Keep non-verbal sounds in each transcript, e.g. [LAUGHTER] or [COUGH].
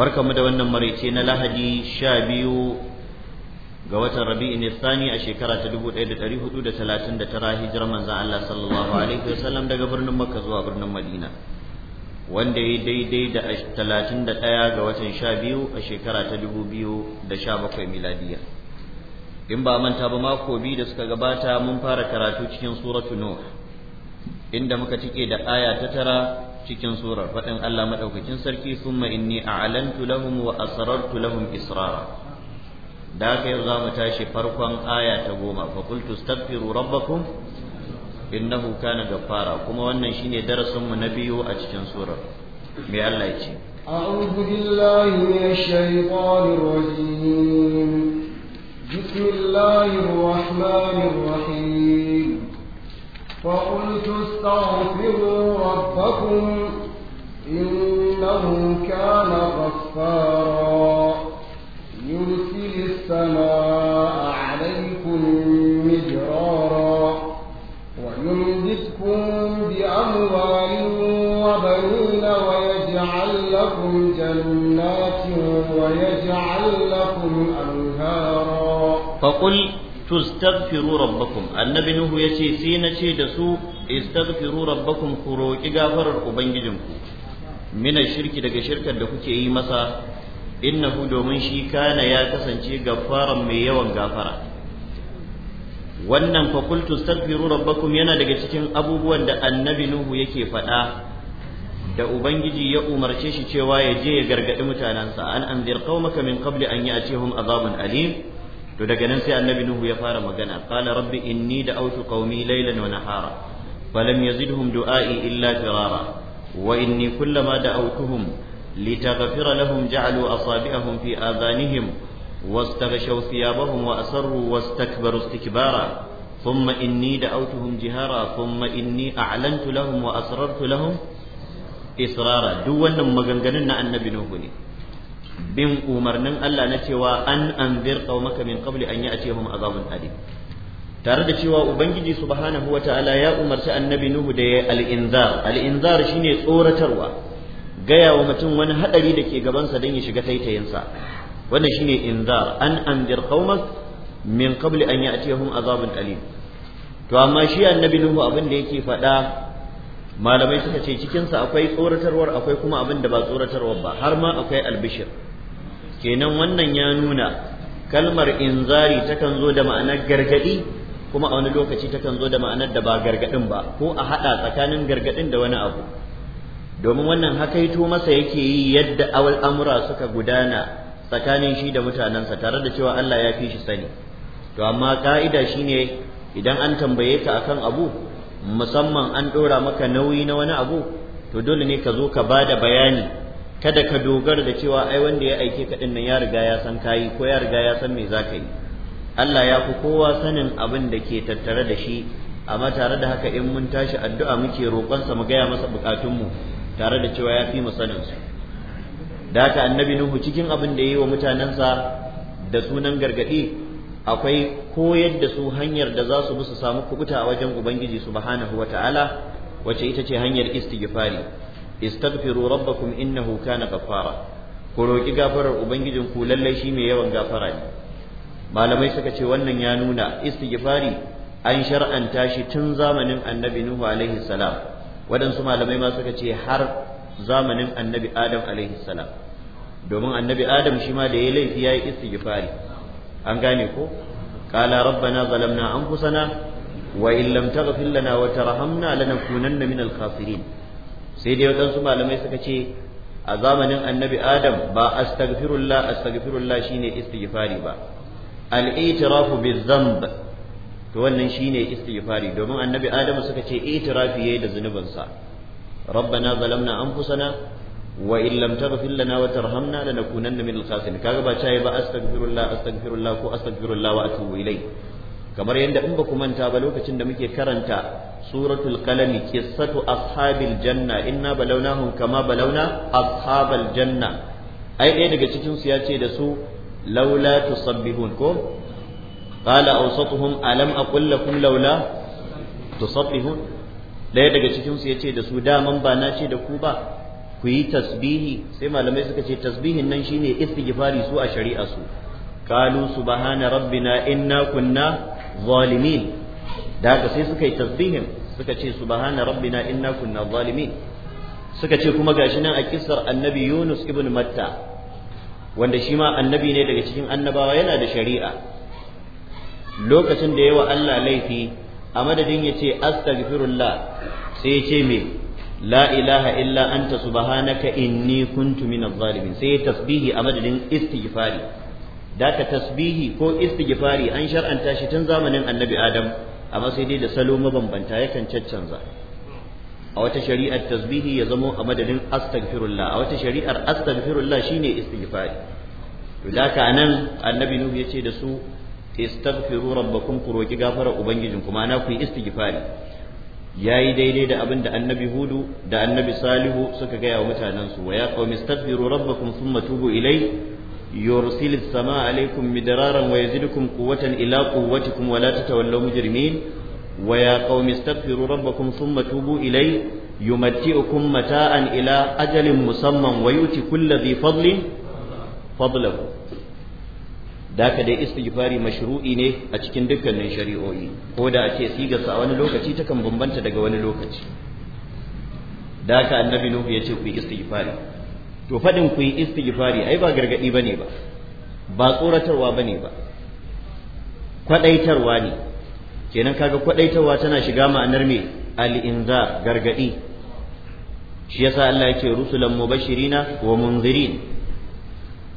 barkamu da wannan maraice na lahadi sha biyu ga watan ne thani a shekara ta dubu ɗaya da da da hudu talatin tara hijirar manzan Allah sallallahu alaihi wasallam daga birnin Makka zuwa birnin Madina wanda ya daidai da talatin da ɗaya ga watan sha biyu a shekara ta dubu biyu da sha bakwai miladiya in ba manta ba mako biyu da suka gabata mun fara karatu cikin suratu nuh inda muka tike da aya ta tara cikin surar faɗin Allah maɗaukakin sarki thumma inni a'lantu lahum wa asrartu lahum israra da haka yau za mu tashi farkon aya ta goma fa qultu astaghfiru rabbakum innahu kana gaffara kuma wannan shine darasin mu na biyu a cikin surar me Allah ya ce أعوذ بالله من الشيطان الرجيم بسم الله الرحمن الرحيم فقلت استغفروا ربكم إنه كان غفارا يرسل السماء عليكم مجرارا ويمددكم بأموال وبنين ويجعل لكم جنات ويجعل لكم أنهارا فقل tustaghfiru rabbakum annabi nuhu yace sai na ce da su istaghfiru rabbakum ku roki gafarar ubangijinku mina shirki daga shirkar da kuke yi masa innahu domin shi kana ya kasance gafaran mai yawan gafara wannan fa qultu rabbakum yana daga cikin abubuwan da annabi nuhu yake faɗa da ubangiji ya umarce shi cewa ya je ya gargadi mutanensa, an anzir qaumaka min qabli an ya'tihum azabun alim to daga nan sai annabi nuhu ya fara magana qala rabbi inni da'awtu qaumi laylan wa nahara falam yazidhum du'ai illa firara wa inni kullama da'awtuhum لتغفر لهم جعلوا أصابعهم في آذانهم واستغشوا ثيابهم وأسروا واستكبروا استكبارا ثم إني دعوتهم جهارا ثم إني أعلنت لهم وأسررت لهم إسرارا دون مغنغنن النبي نوح bin umarnin Allah na cewa an anzir qaumaka min qabli an ya'tiyahum azabun alim tare da cewa ubangiji subhanahu wataala ya umarci annabi nuhu da ya al-inzar al-inzar shine tsoratarwa gaya wa mutum wani hadari da ke gabansa don ya shiga taitayinsa wannan shine inzar an anzir qaumak min qabli an ya'tiyahum azabun alim to amma shi annabi nuhu abin da yake faɗa malamai suka ce cikinsa akwai tsoratarwar akwai kuma abin da ba tsoratarwar ba har ma akwai albishir kenan wannan ya nuna kalmar inzari takan zo da ma'anar gargadi kuma a wani lokaci takan zo da ma'anar da ba gargadin ba ko a haɗa tsakanin gargadin da wani abu domin wannan hakaito masa yake yi yadda awal-amura suka gudana tsakanin shi da mutanensa tare da cewa Allah ya fi shi sani to amma ka'ida shine idan an tambaye ka akan abu musamman an ɗora maka nauyi na wani abu to dole ne ka zo ka ba da bayani kada ka dogara da cewa ai wanda ya aike ka din nan ya riga ya san kayi ko ya riga ya san me za ka yi Allah ya fi kowa sanin abin da ke tattare da shi amma tare da haka in mun tashi addu'a muke roƙonsa mu gaya masa buƙatunmu tare da cewa ya fi mu sanin su da haka annabi nuhu cikin abin da ya yi wa mutanensa da sunan gargaɗi akwai koyar da su hanyar da za su bi su samu kubuta a wajen ubangiji subhanahu wataala wace ita ce hanyar istighfari istaghfiru rabbakum innahu kana ghaffara ku roki gafarar ubangijin ku lallai shi mai yawan gafara ne malamai suka ce wannan ya nuna istighfari an shar'anta shi tun zamanin annabi nuhu alaihi salam waɗansu malamai ma suka ce har zamanin annabi adam alaihi salam domin annabi adam shi ma da ya laifi ya yi istighfari an gane ko qala rabbana zalamna anfusana wa in lam taghfir lana wa tarhamna lanakunanna minal khasirin sai dai waɗansu malamai suka ce a zamanin annabi adam ba astaghfirullah astaghfirullah shine istighfari ba al-i'tirafu bizanb to wannan shine istighfari domin annabi adam suka ce i'tirafi yayi da zunubin sa rabbana zalamna anfusana wa in lam taghfir lana wa tarhamna lanakunanna minal khasirin kaga ba cai ba astaghfirullah astaghfirullah ko astaghfirullah wa atubu ilai kamar yadda in ba ku manta ba lokacin da muke karanta suratul qalami qissatu ashabil janna inna balawnahum kama balawna ashabal janna ai ɗaya daga cikin su ya ce da su laula tusabbihun ko qala awsatuhum alam aqul lakum laula tusabbihun ɗaya daga cikin su ya ce da su daman ba na ce da ku ba ku yi tasbihi sai malamai suka ce tasbihin nan shine istighfari su a shari'a su qalu subhana rabbina inna kunna zalimin da haka sai suka yi tasbihin suka ce subhana rabbina inna kunna zalimin suka ce kuma gashi nan a kissar annabi Yunus ibn Matta wanda shi ma annabi ne daga cikin annabawa yana da shari'a lokacin da yawa Allah laifi a madadin ya ce astaghfirullah sai ya ce me la ilaha illa anta subhanaka inni kuntu minaz zalimin sai ya tasbihi a madadin istighfari daka tasbihi ko istighfari an shar'anta shi tun zamanin annabi adam amma sai dai da salo mabambanta yakan caccanza a wata shari'ar tasbihi ya zamo a madadin astaghfirullah a wata shari'ar astaghfirullah shine istighfari to daka nan annabi nuhu yace da su istaghfiru rabbakum ku roki gafara ubangijin kuma ana ku yi istighfari yayi daidai da abin da annabi hudu da annabi salihu suka gaya wa mutanen su wa ya qaumi istaghfiru rabbakum thumma tubu ilayhi يرسل السماء عليكم مدرارا ويزدكم قوة إلى قوتكم ولا تتولوا مجرمين ويا قوم استغفروا ربكم ثم توبوا إليه يمتئكم متاعا إلى أجل مسمى ويؤتي كل ذي فضل فضله daka dai istighfari mashru'i ne a cikin dukkanin shari'o'i ko da ake sigarsa a wani lokaci takan bambanta daga wani lokaci daka annabi nuhu ya ce ku istighfari to faɗin ku yi istighfari ai ba gargaɗi ba ne ba ba tsoratarwa ba ne ba kwaɗaitarwa ne kenan kaga kwaɗaitarwa tana shiga ma'anar me al'inza gargaɗi shi yasa Allah yake rusulan mubashirina wa munzirin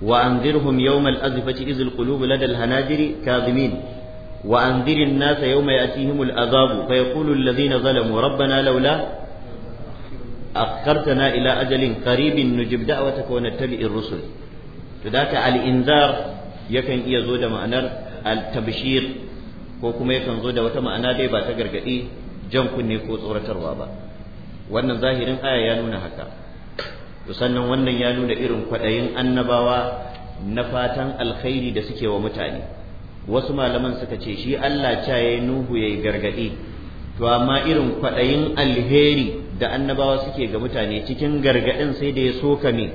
wa anzirhum yawmal azfati izil qulubu ladal hanajiri kazimin وأنذر الناس يوم azabu العذاب فيقول الذين ظلموا rabbana laula. akhartana ila ajalin qaribin a wata wa nattabi'ir rusul to daka al-inzar yakan iya zo da ma'anar al ko kuma yakan zo da wata ma'ana dai ba ta gargadi jan kunne ko tsoratarwa ba wannan zahirin aya ya nuna haka to sannan wannan ya nuna irin kwaɗayin annabawa na fatan alkhairi da suke wa mutane wasu malaman suka ce shi Allah ca yayi nuhu yayi gargadi to amma irin kwaɗayin alheri da annabawa suke ga mutane cikin gargaɗin sai da ya soka ne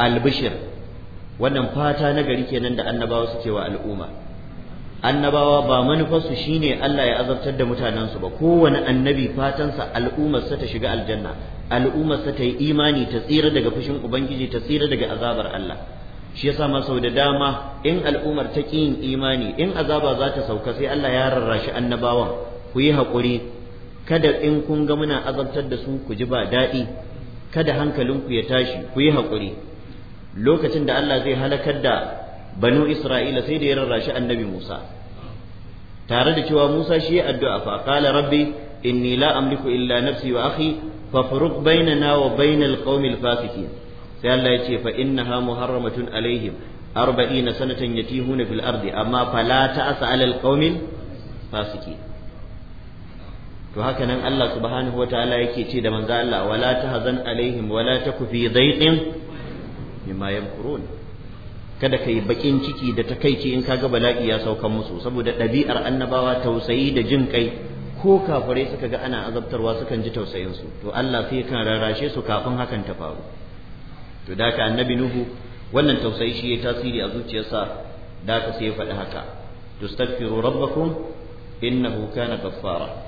albishir wannan fata na gari kenan da annabawa suke wa al'umma annabawa ba manufarsu shine Allah ya azabtar da mutanensu ba kowane annabi fatansa al'ummarsa ta shiga aljanna al'ummarsa ta yi imani ta tsira daga fushin ubangiji ta tsira daga azabar Allah shi yasa ma sau da dama in al'ummar ta ƙi yin imani in azaba za ta sauka sai Allah ya rarrashi annabawan ku yi haƙuri kada in kun ga muna azabtar da su ku ji ba daɗi kada hankalinku ya tashi ku yi haƙuri lokacin da Allah zai halakar da banu Isra'ila sai da ya rarrashi annabi Musa tare da cewa Musa shi ya addu'a fa qala rabbi inni la amliku illa nafsi wa akhi fafruq bainana wa bainal qaumil fasiki. sai Allah ya ce fa innaha muharramatun alaihim arba'ina sanatan yatihuna fil ardi amma fala ta'asa alal qaumil fasiqin to haka nan Allah subhanahu wataala yake ce da manzo Allah wala tahzan alaihim wala taku fi dhaiqin mimma yamkurun kada kai bakin ciki da takaici in kaga bala'i ya saukan musu saboda ɗabi'ar annabawa tausayi da jin kai ko kafirai suka ga ana azabtarwa sukan ji tausayin su to Allah sai kan rarrashe su kafin hakan ta faru to da ka annabi nuhu wannan tausayi shi ya tasiri a zuciyarsa da ka sai ya faɗi haka tustaghfiru rabbakum innahu kana ghaffara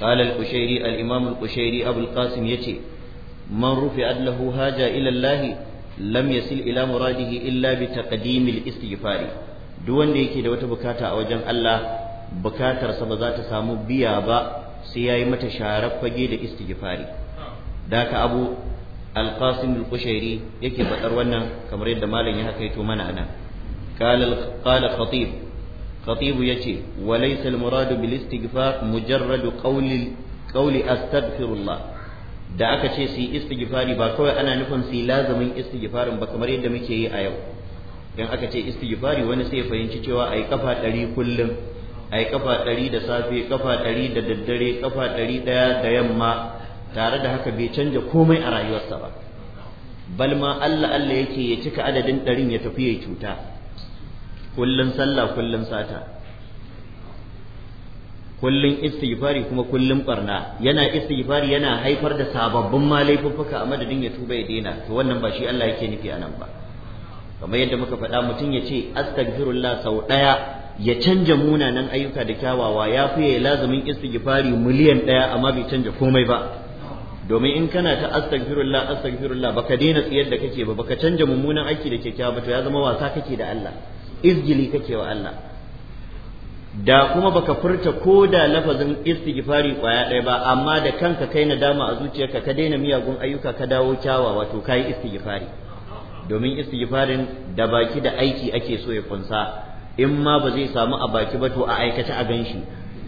قال القشيري الإمام القشيري أبو القاسم يتي من رفعت له حاجة إلى الله لم يصل إلى مراده إلا بتقديم الاستغفار دون ديكي دوت بكاتا أو جن الله بكاتا سبزات سامو بيابا سياي متى شارف فجيد استغفاري ذاك أبو القاسم القشيري يكي بطر ونا كمريد دمالا يحكيتو من أنا قال قال خطيب khatibu ya ce, laysa al muradu bil istighfar mujarradu qawli da aka ce su yi istighfari ba kawai ana nufin su yi lazumin istighfarin ba kamar yadda muke yi a yau idan aka ce istighfari wani sai ya fahimci cewa yi kafa ɗari kullum ai kafa ɗari da safe kafa ɗari da daddare kafa ɗari ɗaya da yamma tare da haka bai canja komai a rayuwarsa ba bal ma Allah Allah yake ya cika adadin ɗarin ya tafi ya cuta kullun sallah kullun sata kullun istighfari kuma kullun barna yana istighfari yana haifar da sababbin ma a madadin ya tuba ya daina to wannan ba shi Allah yake nufi anan ba kamar yadda muka faɗa mutum ya ce astaghfirullah sau ɗaya ya canja munanan ayyuka da kyawawa ya fiye lazumin istighfari miliyan ɗaya amma bai canja komai ba domin in kana ta astaghfirullah astaghfirullah baka daina tsiyar da kake ba baka canja mummunan aiki da kyakkyawa ba to ya zama wasa kake da Allah izgili kake wa Allah da kuma baka furta ko da lafazin istighfari kwaya ɗaya ba amma da kanka kai nadama a zuciyarka ka daina miyagun ayyuka ka dawo kyawa wato kai istighfari domin istighfarin da baki da aiki ake so ya kunsa in ma ba zai samu a baki ba to a aikata a ganshi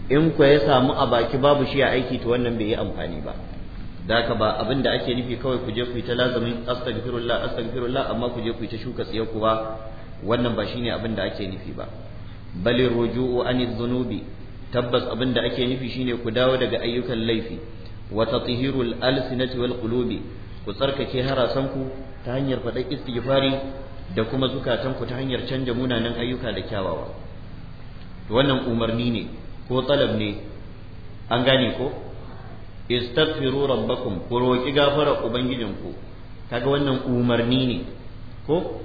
in kuwa ya samu a baki babu shi a aiki to wannan bai yi amfani ba da ka ba abin da ake nufi kawai ku je ku yi ta lazamin astaghfirullah astaghfirullah amma ku je ku yi ta shuka tsiyar ku ba wannan ba shine abin da ake nufi ba bal ruju'u anil dhunubi tabbas abin da ake nufi shine ku dawo daga ayyukan laifi wa tathhirul alsinati wal qulubi ku tsarkake harasanku ta hanyar faɗar istighfari da kuma zukatanku ta hanyar canja munanan ayyuka da kyawawa wannan umarni ne ko talab ne an gane ko istaghfiru rabbakum ku roki gafara ubangijinku kaga wannan umarni ne ko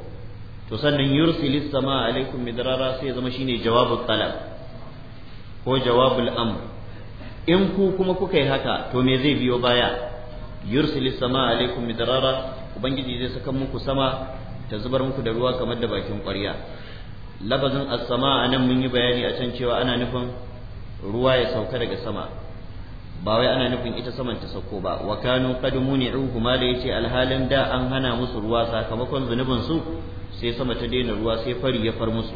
to sannan yursilis sama alaikum midrara sai zama shine jawabul talab ko jawabul amr in ku kuma kuka yi haka to me zai biyo baya yursilis sama alaikum midrara ubangiji zai saka muku sama ta zubar muku da ruwa kamar da bakin ƙwarya labazin as-sama nan mun yi bayani a can cewa ana nufin ruwa ya sauka daga sama ba wai ana nufin ita saman ta sauko ba wa kanu qad muni'u kuma da yace alhalin da an hana musu ruwa sakamakon zunubin su sai sama ta daina ruwa sai fari ya far musu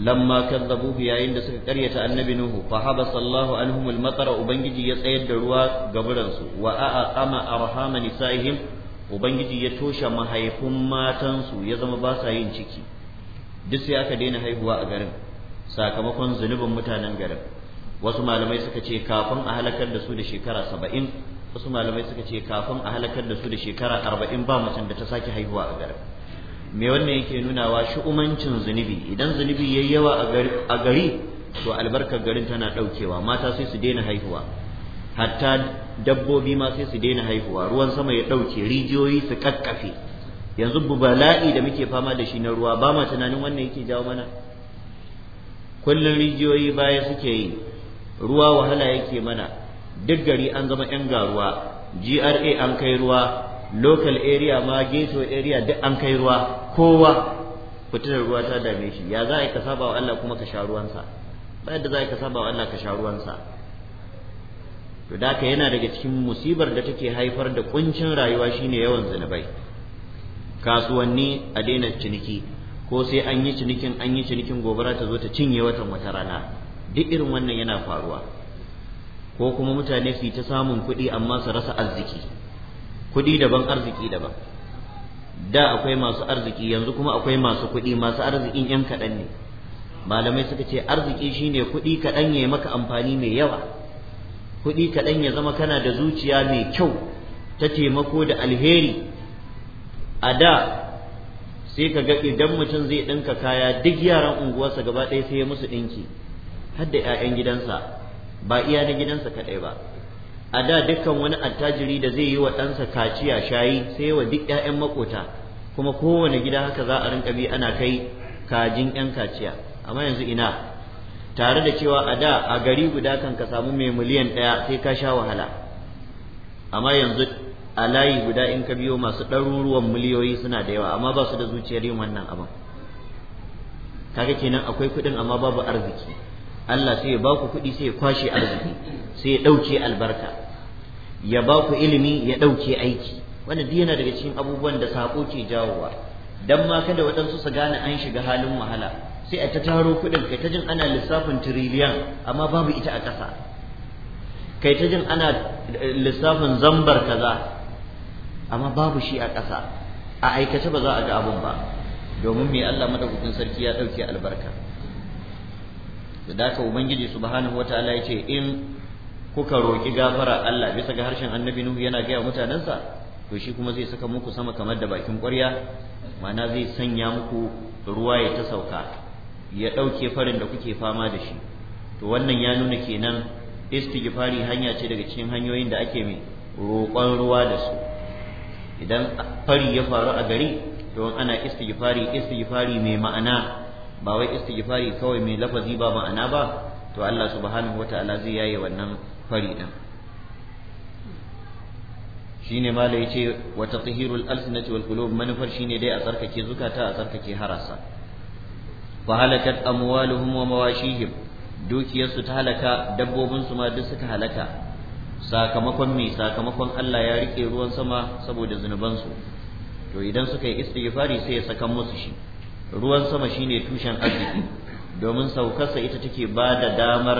lamma kadzabu bi yayin da suka karyata annabi nuhu fa habasa Allah anhum al-matara ubangiji ya tsayar da ruwa gaburan su wa aqama arhama nisaihim ubangiji ya toshe mahaifun matan su ya zama ba sa yin ciki duk sai aka daina haihuwa a garin sakamakon zunubin mutanen garin wasu malamai suka ce kafin a halakar da su da shekara saba'in wasu malamai suka ce kafin a halakar da su da shekara arba'in ba mutum da ta sake haihuwa a garin me wannan yake nunawa shu'umancin zunubi idan zunubi yayi yawa a gari to albarkar garin tana ɗaukewa mata sai su daina haihuwa hatta dabbobi ma sai su daina haihuwa ruwan sama ya ɗauke rijiyoyi su kakkafe yanzu bala'i da muke fama da shi na ruwa ba ma tunanin wannan yake jawo mana kullum rijiyoyi baya suke yi ruwa wahala yake mana duk gari an zama yan garuwa GRA an kai ruwa local area ma ghetto area duk an kai ruwa kowa fitar ruwa ta dame shi ya za a yi ka saba wa Allah kuma ka sha ruwansa ba yadda za a yi ka saba wa Allah ka sha ruwansa to da ka yana daga cikin musibar da take haifar da kuncin rayuwa shine yawan zunubai kasuwanni a daina ciniki ko sai an yi cinikin an yi cinikin gobara ta zo ta cinye watan wata rana duk irin wannan yana faruwa ko kuma mutane su yi ta samun kuɗi amma su rasa arziki kuɗi daban arziki daban da akwai masu arziki yanzu kuma akwai masu kuɗi masu arzikin yan kaɗan ne malamai suka ce arziki shine kuɗi kaɗan ya maka amfani mai yawa kuɗi kaɗan ya zama kana da zuciya mai kyau ta taimako da alheri a da sai ka ga idan mutum zai ɗinka kaya duk yaran unguwarsa gaba ɗaya sai ya musu ɗinki har da 'ya'yan gidansa ba iya na gidansa kaɗai ba a da dukkan wani attajiri da zai yi wa ɗansa kaciya shayi sai wa duk 'ya'yan makota kuma kowane gida haka za a rinka bi ana kai kajin 'yan kaciya amma yanzu ina tare da cewa a da a gari guda kan ka samu mai miliyan ɗaya sai ka sha wahala amma yanzu a layi guda in ka biyo masu ɗaruruwan miliyoyi suna da yawa amma ba su da zuciyar yin wannan abin kaga kenan akwai kuɗin amma babu arziki Allah sai ya ba ku kuɗi sai ya kwashe arziki sai ya ɗauke albarka ya ba ku ilimi ya ɗauke aiki wanda duk yana daga cikin abubuwan da saƙo ke jawowa dan ma kada waɗansu su gane an shiga halin wahala sai a ta taro kuɗin kai ta jin ana lissafin tiriliyan amma babu ita a ƙasa kai ta jin ana eh, lissafin zambar kaza amma babu shi a ƙasa a aikace ba za a ga abun ba domin me Allah madaukakin sarki ya ɗauke albarka da daka ubangiji subhanahu wataala yace in kuka roki gafara Allah bisa ga harshen annabi nuhu yana gaya mutanensa to shi kuma zai saka muku sama kamar da bakin ƙwarya ma'ana zai sanya muku ruwa ya ta sauka ya ɗauke farin da kuke fama da shi to wannan ya nuna kenan istighfari hanya ce daga cikin hanyoyin da ake mai roƙon ruwa da su idan fari ya faru a gari to ana istighfari istighfari mai ma'ana ba wai istighfari kawai mai lafazi ba ma'ana ba to Allah subhanahu wata'ala zai yaye wannan fari din shine mala yace wa tatheerul alsinati wal qulub manufar shine dai a tsarkake zukata a tsarkake harasa fa halakat amwaluhum wa mawashihim dukiyarsu ta halaka dabbobinsu ma duk suka halaka sakamakon me sakamakon Allah ya rike ruwan sama saboda zunubansu to idan suka yi istighfari sai ya saka musu shi ruwan sama shine tushen arziki domin saukarsa ita take ba da damar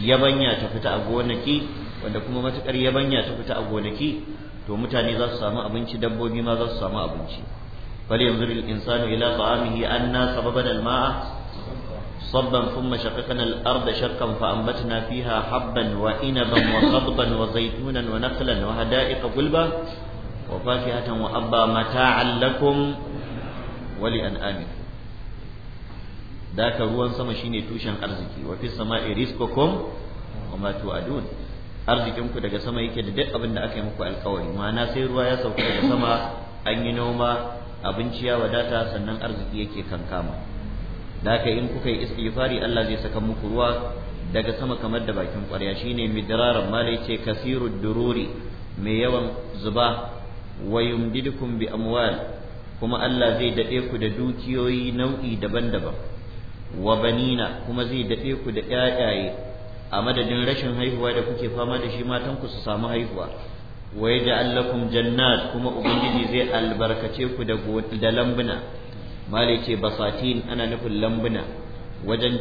yabanya ta a gonaki wanda kuma matukar yabanya ta fita a gonaki to mutane za su samu abinci dabbobi ma za su samu abinci bal yanzu lil insanu ila ta'amihi anna sababan al ma'a sabban thumma shaqaqna al arda shaqqan fa anbatna fiha habban wa inaban wa qadban wa zaytunan wa naqlan wa hada'iqa gulba wa fakihatan wa abba mata'an lakum wali amin daka ruwan sama shine tushen arziki wa fis sama'i rizqukum wa ma tu'adun arzikin ku daga sama yake da duk abin da aka yi muku alkawari ma'ana sai ruwa ya sauka daga sama an yi noma abinci ya wadata sannan arziki yake kankama daka in kuka yi istighfari Allah zai saka muku ruwa daga sama kamar da bakin ƙwarya shine midraran malai ce kasirud dururi mai yawan zuba wa bi amwal kuma Allah zai daɗe ku da dukiyoyi nau'i daban-daban wa banina kuma zai daɗe ku da ƴaƴaye a madadin rashin haihuwa da kuke fama da shi matan ku su samu haihuwa wa yaj'al lakum jannat kuma ubangiji zai albarkace ku da da lambuna mali ce basatin ana nufin lambuna wajen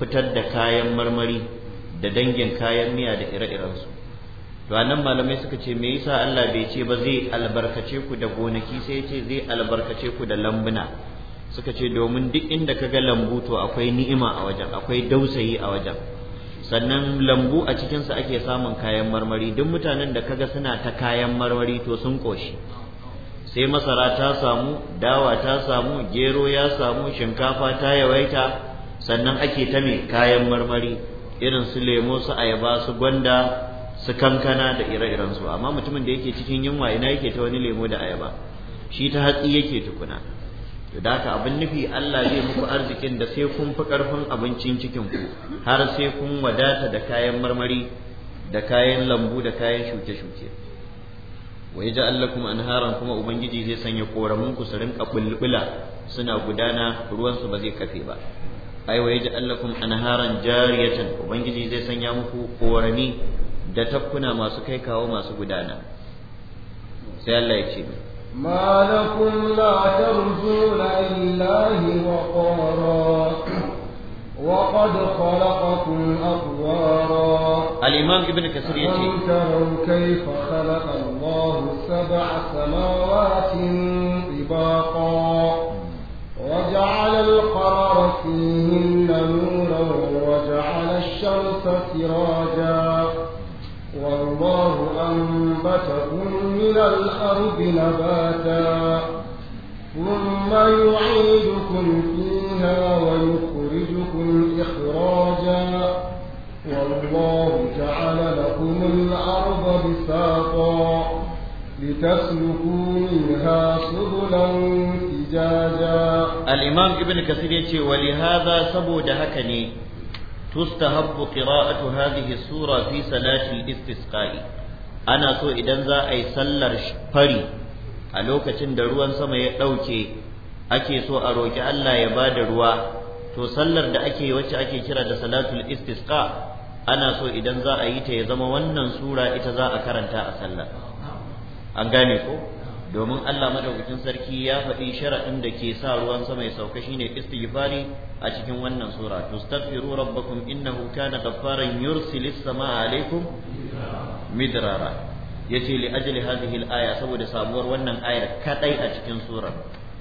fitar da kayan marmari da dangin kayan miya da ire-irensu to anan malamai suka ce me yasa Allah bai ce ba zai albarkace ku da gonaki sai ya ce zai albarkace ku da lambuna suka ce domin duk inda ka ga lambu to akwai ni'ima a wajen akwai dausayi a wajen sannan lambu a cikinsa ake samun kayan marmari duk mutanen da kaga suna ta kayan marmari to sun koshi sai masara ta samu dawa ta samu gero ya samu shinkafa ta yawaita sannan ake ta mai kayan marmari irin su lemo su ayaba su gwanda su kankana da ire-iren su amma mutumin da yake cikin yunwa ina yake ta wani lemo da ayaba shi ta hatsi yake tukuna to da haka abin nufi Allah zai muku arzikin da sai kun fi karfin abincin cikin ku har sai kun wadata da kayan marmari da kayan lambu da kayan shuke-shuke wa ya ja'al lakum anharan kuma ubangiji zai sanya koramun ku su rinka bulbula suna gudana ruwan su ba zai kafe ba ai wa ya ja'al lakum anharan jariyatan ubangiji zai sanya muku korami da tafkuna masu kai kawo masu gudana sai Allah ya ce ما لكم لا ترجون لله وقارا وقد خلقكم أطوارا الإمام ابن كثير يجي ألم تروا كيف خلق الله سبع سماوات طباقا وجعل القرار فيهن نورا وجعل الشمس سراجا الله أنبتكم من الأرض نباتا ثم يعيدكم فيها ويخرجكم إخراجا والله جعل لكم الأرض بساطا لتسلكوا منها سبلا فجاجا الإمام ابن كثير ولهذا سبو دهكني تستحب قراءة هذه السورة في صلاة الاستسقاء أنا سو إذن ذا أي سلر ألو كتن تندروان سما يأوكي أكي سو أروك ألا يباد روا تو سلر دا أكي وش أكي شرى دا صلاة الاستسقاء أنا سو إذن ذا أي تيزم ونن سورة إتزا أكرن تا أسلر أنقاني كو domin Allah madaukakin sarki ya faɗi sharaɗin da ke sa ruwan sama ya sauka shine istighfari a cikin wannan sura tustaghfiru rabbakum innahu kana ghaffaran yursilis samaa alaikum midrara yace li ajli hadhihi al-aya saboda samuwar wannan ayar kadai a cikin surar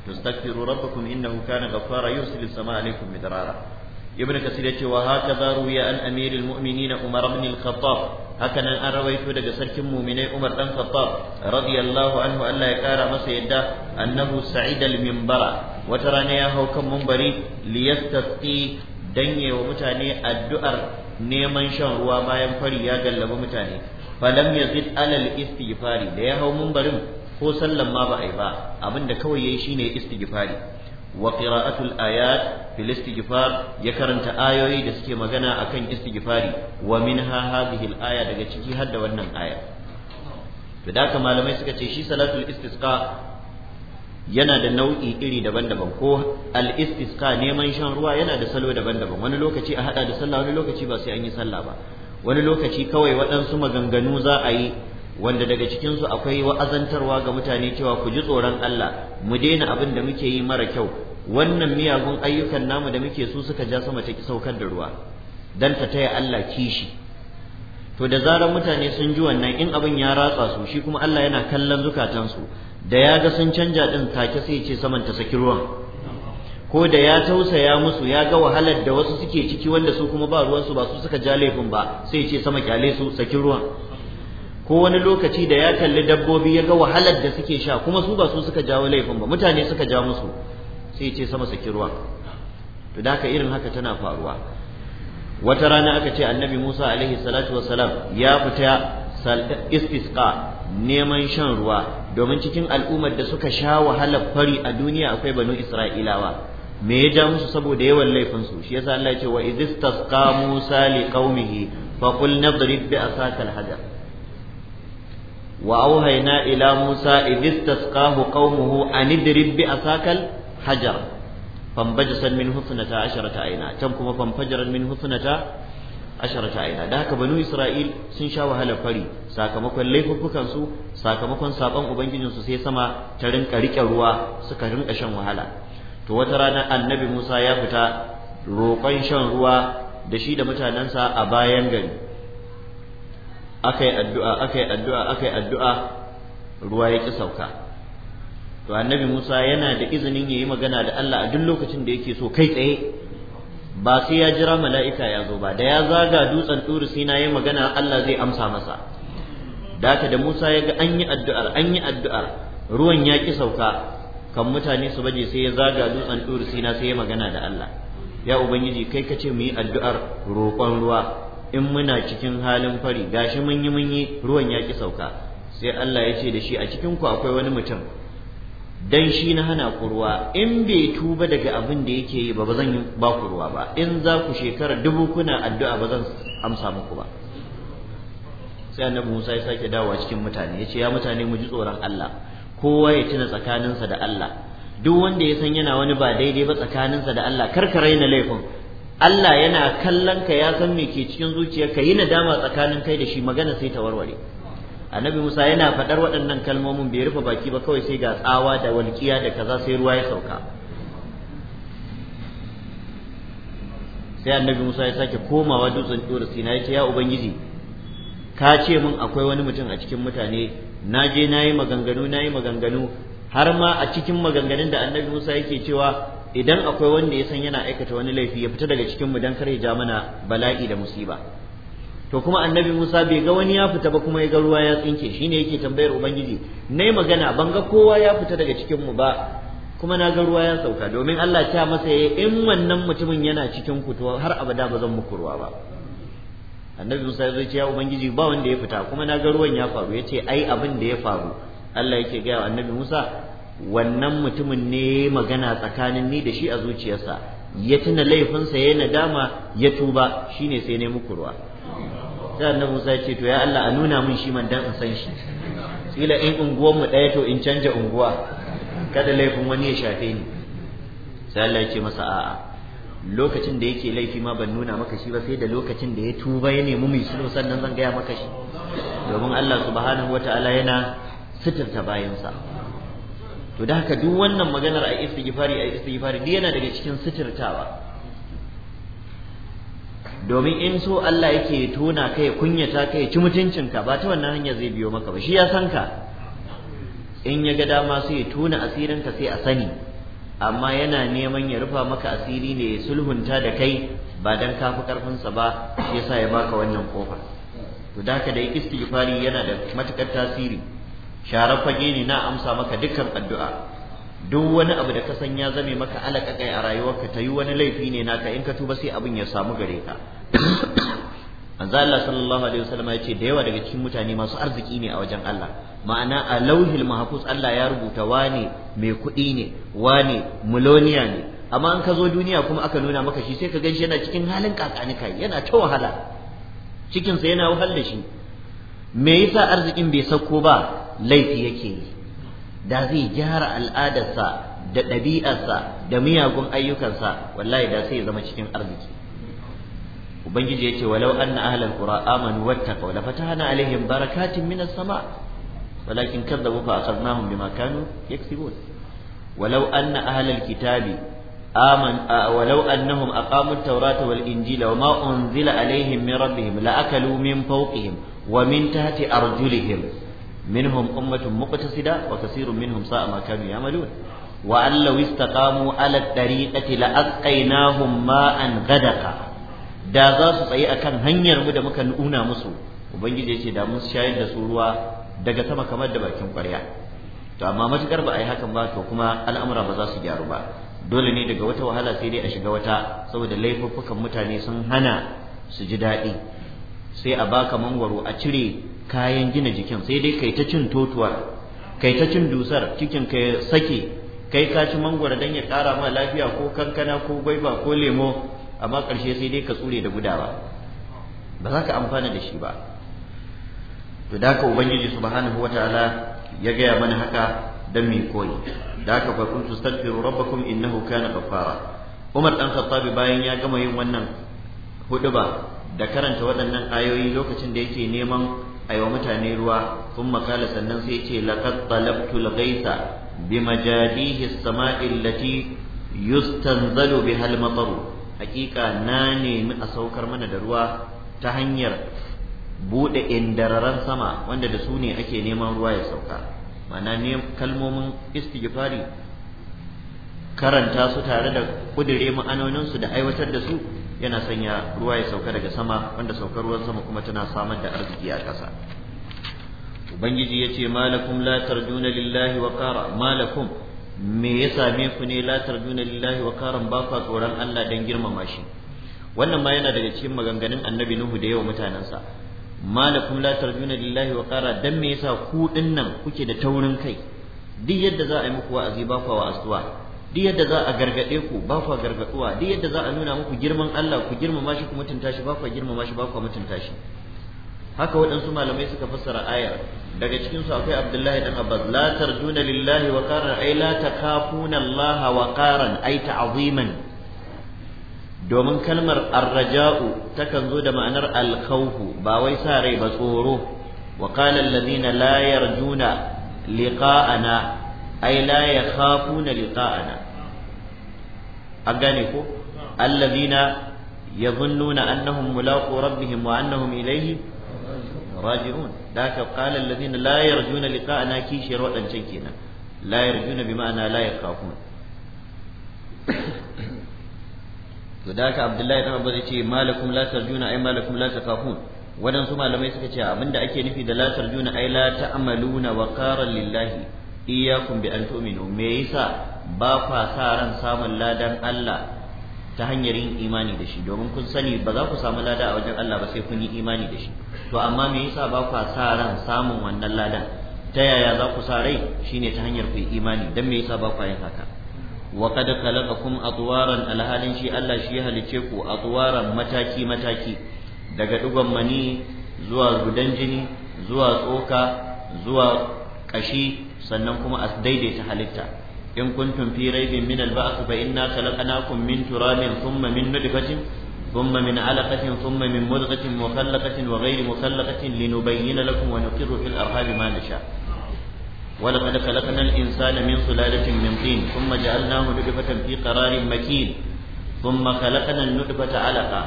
tustaghfiru rabbakum innahu kana ghaffara yursilis samaa alaikum midrara ibnu kasir yace wa hakaza ruwiya an amiril mu'minina umar ibn al-khattab hakanan an rawaito daga sarkin mu'minai umar dan khattab radiyallahu anhu Allah ya kara masa yadda annahu sa'id al-minbara wata rana ya hau kan mumbari liyastasqi danye wa mutane addu'ar neman shan ruwa bayan fari ya gallaba mutane falam yazid alal istighfari da ya hau mumbarin ko sallan ma ba a yi ba abinda kawai yayi shine istighfari wa qira'atul ayat fil istighfar ya karanta ayoyi da suke magana akan istighfari wa minha hadhihi al-aya daga ciki har da wannan aya to da haka malamai suka ce shi salatul istisqa yana da nau'i iri daban-daban ko al-istisqa neman shan ruwa yana da salo daban-daban wani lokaci a hada da sallah wani lokaci ba sai an yi sallah ba wani lokaci kawai waɗansu maganganu za a yi wanda daga cikinsu akwai wa'azantarwa ga mutane cewa ku ji tsoron Allah mu daina abin da muke yi mara kyau wannan miyagun ayyukan namu da muke su suka ja sama ta saukar da ruwa dan ta taya Allah kishi to da zarar mutane sun ji wannan in abin ya ratsa su shi kuma Allah yana kallon zukatansu da ya ga sun canja din take sai ce saman ta saki ruwan ko da ya tausaya musu ya ga wahalar da wasu suke ciki wanda su kuma ba ruwansu ba su suka ja laifin ba sai ce sama kyale su saki ruwan ko wani lokaci da ya kalli dabbobi ya ga wahalar da suke sha kuma su ba su suka jawo laifin ba mutane suka ja musu sai ce sama saki ruwan to da haka irin haka tana faruwa wata rana aka ce annabi Musa alaihi salatu wassalam ya fita istisqa neman shan ruwa domin cikin al'ummar da suka sha wahalar fari a duniya akwai banu Isra'ilawa me ya ja musu saboda yawan laifinsu? su shi yasa Allah ya ce wa idistasqa Musa li fa qul nadrib bi asaka al wa auhayna ila Musa idistasqahu qaumuhu an idrib bi asaka al hajar fambajasan min husnata asharata aina can kuma famfajaran min husnata asharata aina da haka banu isra'il sun sha wahalar fari sakamakon laifukan su sakamakon saban ubangijin su sai sama ta rinka rike ruwa suka rinka shan wahala to wata rana annabi Musa ya fita roƙon shan ruwa da shi da mutanensa a bayan gari akai addu'a akai addu'a akai addu'a ruwa ya ki sauka to annabi Musa yana da izinin yayi magana da Allah a duk lokacin da yake so kai tsaye ba sai ya jira mala'ika ya zo ba da ya zaga dutsen turu sai yayi magana Allah zai amsa masa daka da Musa ya ga an yi addu'ar an yi addu'ar ruwan ya ki sauka kan mutane su baje sai ya zaga dutsen turu sina sai ya magana da Allah ya ubangiji kai ka ce mu yi addu'ar roƙon ruwa in muna cikin halin fari gashi mun yi mun yi ruwan ya ki sauka sai Allah ya ce da shi a cikin ku akwai wani mutum dan shi na hana ku ruwa in bai tuba daga abin da yake yi ba ba zan ba ku ruwa ba in za ku shekara dubu kuna addu'a ba zan amsa muku ba sai annabi Musa ya sake dawowa cikin mutane ya ce ya mutane mu ji tsoron Allah kowa ya tuna tsakaninsa da Allah duk wanda ya san yana wani ba daidai ba tsakaninsa da Allah kar ka raina laifin Allah yana kallon ka ya san me ke cikin ka yi nadama tsakanin kai da shi magana sai ta warware annabi Musa yana faɗar waɗannan kalmomin bai rufe baki ba kawai sai ga tsawa da walƙiya da kaza sai ruwa ya sauka sai annabi Musa ya sake komawa dutsen Dur Sina ya ce ya ubangiji ka ce min akwai wani mutum a cikin mutane na je na yi maganganu na yi maganganu har ma a cikin maganganun da annabi Musa yake cewa idan akwai wanda ya san yana aikata wani laifi ya fita daga cikin mu dan kar ya ja mana bala'i da musiba to kuma annabi Musa bai ga wani ya fita ba kuma ya ga ruwa ya tsinke shine yake tambayar ubangiji nayi magana ban ga kowa ya fita daga cikin mu ba kuma na ga ruwa ya sauka domin Allah ya masa yayi in wannan mutumin yana cikin ku to har abada ba zan muku ruwa ba annabi Musa ya ce ya ubangiji ba wanda ya fita kuma na ga ruwan ya faru ya ce ai abin da ya faru Allah yake ga annabi Musa wannan mutumin ne magana tsakanin ni da shi a zuciyarsa ya tuna laifinsa ya nadama ya tuba shine sai ne muku ruwa sai annabi Musa ya ce to ya Allah a nuna min shi man dan in san shi kila in unguwar mu daya to in canja unguwa kada laifin wani ya shafe ni sai Allah ya ce masa a'a lokacin da yake laifi ma ban nuna maka shi ba sai da lokacin da ya tuba ya nemi mai sulhu sannan zan gaya maka shi domin Allah subhanahu wataala yana sitirta bayansa to da haka duk wannan maganar a istighfari a istighfari duk yana daga cikin sitirtawa domin in so Allah yake tona ka ya kunyata ka ya ci mutuncinka ba ta wannan hanya zai biyo maka ba shi ya san ka in ya ga dama sai ya tona asirinka sai a sani amma yana neman ya rufa maka asiri ne ya sulhunta da kai ba dan ka fi karfinsa ba shi yasa ya baka wannan kofa to da haka dai istighfari yana da matukar tasiri sharar fage ne na amsa maka dukkan addu'a duk wani abu da ka san ya zame maka alaƙaƙai a rayuwarka ta yi wani laifi ne naka in ka tuba sai abin ya samu gare ka [COUGHS] manzo Allah sallallahu alaihi wasallam ya ce da yawa daga cikin mutane masu arziki ne a wajen Allah ma'ana a lauhil mahfuz Allah ya rubuta wane mai kuɗi ne wane miloniya ne amma an ka zo duniya kuma aka nuna maka shi sai ka ganshi yana cikin halin kakanika yana ta wahala cikinsa yana wahal da shi me yasa arzikin bai sauko ba laifi yake yi da zai gyara al'adarsa da ɗabi'arsa da miyagun ayyukansa wallahi da sai ya zama cikin arziki ubangiji yace walau anna ahlal qura amanu wattaqaw la fatahna alaihim barakatin minas sama walakin kadzabu fa akhadnahum bima kanu yaksibun walau anna ahlal kitabi aman walau annahum aqamu at-taurata wal injila wama unzila alaihim min rabbihim la akalu min fawqihim wa min tahti arjulihim minhum ummatun muqtasida wa kaseerun minhum sa'a ma kanu ya'malun wa an law istaqamu ala at-tariqati la asqaynahum ma'an ghadaqa da za su tsaye kan hanyar mu da muka nuna musu ubangiji ya ce da mun shayar da su ruwa daga sama kamar da bakin kwarya to amma matukar ba a yi hakan ba to kuma al'amura ba za su gyaru ba dole ne daga wata wahala sai dai a shiga wata saboda laifuffukan mutane sun hana su ji daɗi sai a baka mangwaro a cire kayan gina jikin sai dai kai ta cin totuwar kai ta cin dusar cikin ka sake kai ka ci mangwaro don ya ƙara ma lafiya ko kankana ko gwaiba ko lemo amma ƙarshe sai dai ka tsure da gudawa ba za ka amfana da shi ba to da haka ubangiji subhanahu wataala ya gaya mana haka dan mai koyi da ka fa kuntu astaghfiru rabbakum innahu kana ghaffara Umar dan Khattab bayan ya gama yin wannan huduba da karanta waɗannan ayoyi lokacin da yake neman aiwa mutane ruwa sun makala sannan sai ce laqad talabtu al-ghaitha bimajadihi as-sama'i allati yustanzalu biha al-mataru hakika na nemi a saukar mana da ruwa ta hanyar bude indararan sama wanda da su ne ake neman ruwa ya sauka ma'ana ne kalmomin istighfari karanta su tare da ƙudire ma'anoninsu da aiwatar da su yana sanya ruwa ya sauka daga sama wanda saukar ruwan sama kuma tana samar da arziki a ƙasa ubangiji ya ce malakum la tarjuna lillahi wa qara malakum me ya same ku ne latar tarjuna lillahi wa karam ba fa tsoron Allah dan girmama shi wannan ma yana daga cikin maganganun annabi nuhu da yawa mutanansa malakum la tarjuna lillahi wa qara dan me yasa ku dinnan kuke da taurin kai duk yadda za a yi muku wa'azi ba fa wa'azuwa duk yadda za a gargade ku ba fa gargaduwa duk yadda za a nuna muku girman Allah ku girmama shi ku mutunta shi ba fa girmama shi ba fa mutunta shi haka waɗansu malamai suka fassara ayar daga cikin su akwai Abdullahi dan Abbas la tarjuna lillahi wa qaran ay la takhafuna Allah wa qaran ay ta'ziman domin kalmar arraja'u takan zo da ma'anar alkhawfu ba wai sa rai ba tsoro wa qala alladhina la yarjuna liqa'ana ay la yakhafuna liqa'ana an gane ko alladhina yadhunnuna annahum mulaqu rabbihim wa annahum ilayhi raji'un da ka qala alladhina la yarjuna liqa'ana kishiyar wadancan kenan la yarjuna bi ma'ana la yakhafun to da ka abdullahi dan abu ce malakum la tarjuna ay malakum la takafun malamai suka ce da ake nufi da la tarjuna ay la ta'maluna wa qaran lillahi iyyakum bi an tu'minu me yasa ba fa sa ran samun ladan Allah ta hanyar yin imani da shi domin kun sani ba za ku samu lada a wajen Allah ba sai kun yi imani da shi to amma me yasa ba ku sa ran samun wannan ladan ta yaya za ku sa rai shine ta hanyar ku yi imani dan me yasa ba ku yin haka wa qad khalaqakum atwaran alhalin shi Allah shi ya halice ku atwaran mataki mataki daga dugon mani zuwa gudan jini zuwa tsoka zuwa kashi sannan kuma a daidaita halitta in kuntum fi raibin min al-ba'th fa inna khalaqnakum min turabin thumma min nutfatin thumma min 'alaqatin thumma min mudghatin mukhallaqatin wa ghayri mukhallaqatin linubayyana lakum wa nuqirru fil arham ma nasha ولقد خلقنا الإنسان من سلالة من طين ثم جعلناه نطفة في قرار مكين ثم خلقنا النطفة علقة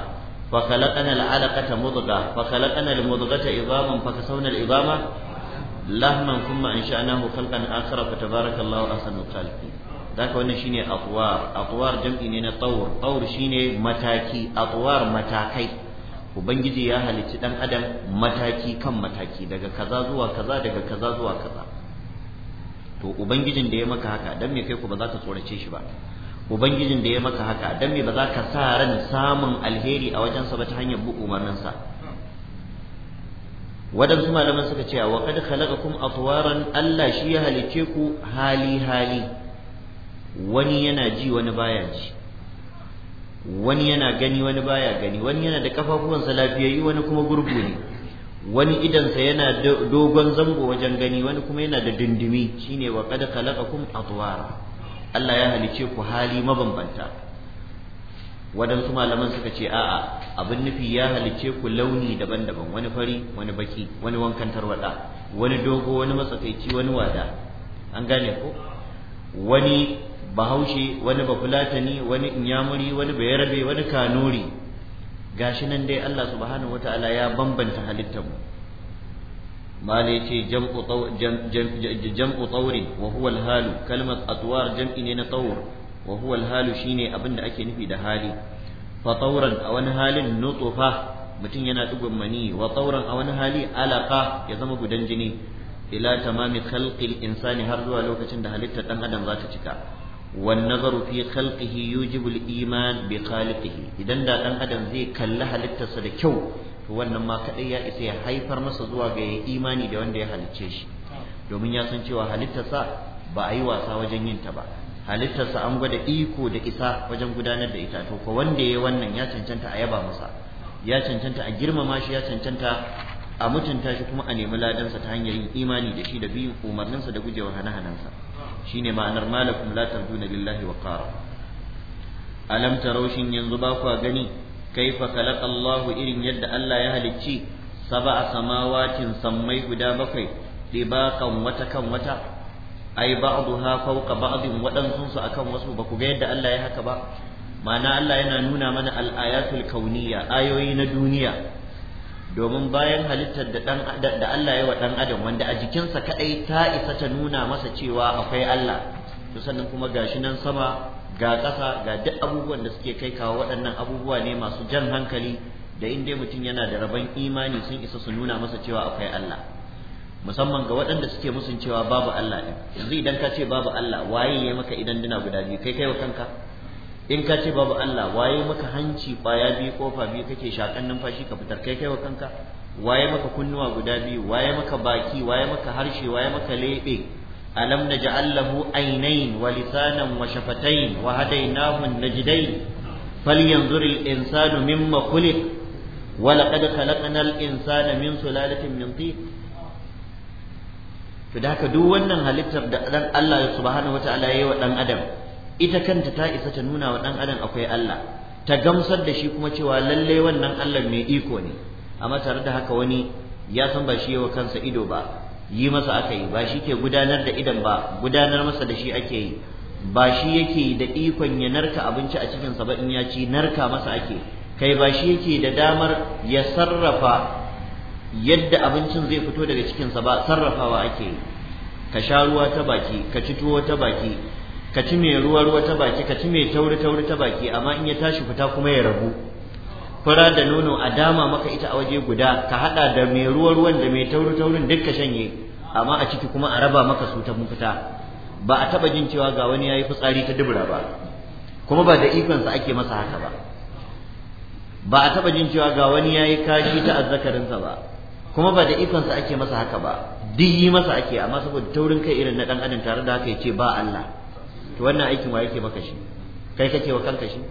فخلقنا العلقة مضغة فخلقنا المضغة عظاما فكسونا العظام lahman kuma an sha'anahu khalqan akhara fa tabarakallahu ahsanul khaliqin zaka wannan shine atwar atwar jam'i ne na tawr tawr shine mataki atwar matakai ubangiji ya halicci dan adam mataki kan mataki daga kaza zuwa kaza daga kaza zuwa kaza to ubangijin da ya maka haka dan me kai ku ba za ka tsorace shi ba ubangijin da ya maka haka dan me ba za ka sa ran samun alheri a wajensa ba ta hanyar bu umarninsa Waɗansu malaman suka ce wa kad khalaqakum atwaran Allah shi ya halice ku hali hali wani yana ji wani baya ji wani yana gani wani baya gani wani yana da kafafuwansa lafiyayyu wani kuma gurgu ne wani idansa yana dogon zango wajen gani wani kuma yana da dindimi shine wa kad khalaqakum atwara Allah ya halice ku hali mabambanta wadansu malaman suka ce a'a abin nufi ya halice ku launi daban-daban wani fari wani baki wani wankan tarwada wani dogo wani matsakaici wani wada an gane ko wani bahaushe wani bafulatani wani inyamuri wani bayarabe wani kanuri gashi nan dai Allah subhanahu wataala ya bambanta halittar mu mala yace jam'u jam'u tawr wa huwa al-halu kalmat atwar jam'i ne na tawr wahuwal huwa al-halu shine abin da ake nufi da hali fa tawran a wani halin nutfa mutum yana dugun mani wa tawran a wani hali alaqa ya zama gudan jini ila tamami khalqil insani har zuwa lokacin da halittar ɗan adam za ta cika wan nazaru fi khalqihi yujibu iman bi khaliqihi idan da ɗan adam zai kalli halittarsa da kyau to wannan ma kadai ya isa ya haifar masa zuwa ga imani da wanda ya halicce shi domin ya san cewa halittarsa ba a yi wasa wajen yin ta ba halittarsa an gwada iko da isa wajen gudanar da ita to ko wanda ya wannan ya cancanta a yaba masa ya cancanta a girmama shi ya cancanta a mutunta shi kuma a nemi ladansa ta hanyar yin imani da shi da biyu umarninsa da gujewa hana-hanansa shine ma'anar malakum la tarjuna lillahi wa qara alam shin yanzu ba kwa gani kaifa khalaqa Allah irin yadda Allah ya halicci sab'a samawatin sammai guda bakwai dibaqan wata kan wata ai ba'daha fawqa ba'din waɗansu su akan wasu ba ku ga yadda Allah ya haka ba ma'ana Allah yana nuna mana al-ayatul kauniyya ayoyi na duniya domin bayan halittar da dan da Allah ya wa dan adam wanda a jikinsa kadai ta isa ta nuna masa cewa akwai Allah to sannan kuma gashi nan sama ga ƙasa ga duk abubuwan da suke kai kawo waɗannan abubuwa ne masu jan hankali da in dai mutum yana da rabon imani sun isa su nuna masa cewa akwai Allah musamman ga waɗanda suke musun cewa babu Allah ɗin yanzu idan ka ce babu Allah waye ya maka idan dina guda biyu kai kai wa kanka in ka ce babu Allah waye maka hanci ƙwaya biyu ƙofa biyu kake shakan numfashi ka fitar kai kai wa kanka waye maka kunnuwa guda biyu waye maka baki waye maka harshe waye maka leɓe alam naj'al lahu aynayn wa lisanan wa shafatain wa hadaynahu najdayn falyanzur al-insanu mimma khuliq ولقد خلقنا الإنسان min سلالة من طين to da haka duk wannan halittar da dan Allah subhanahu wataala ya yi wa dan adam ita kanta ta isa ta nuna wa dan adam akwai Allah ta gamsar da shi kuma cewa lalle wannan Allah mai iko ne amma tare da haka wani ya san ba shi yawa kansa ido ba yi masa aka yi ba shi ke gudanar da idan ba gudanar masa da shi ake yi ba shi yake da ikon ya narka abinci a cikinsa ba in ya ci narka masa ake kai ba shi yake da damar ya sarrafa yadda abincin zai fito daga cikinsa ba sarrafawa ake yi ka sha ruwa ta baki ka ci tuwo ta baki ka ci mai ruwa ruwa ta baki ka ci mai tauri tauri ta baki amma in ya tashi fita kuma ya rabu fura da nono a dama maka ita a waje guda ka hada da mai ruwa ruwan da mai tauri taurin duk ka shanye amma a ciki kuma a raba maka su ta mufita ba a taba jin cewa ga wani yayi fitsari ta dubura ba kuma ba da ikonsa ake masa haka ba ba a taba jin cewa ga wani yayi kashi ta azzakarinsa ba kuma ba da sa ake masa haka ba duk yi masa ake amma saboda taurin kai irin na dan adam tare da haka yace ba Allah to wannan aikin wa yake maka shi kai kake wa kanka shi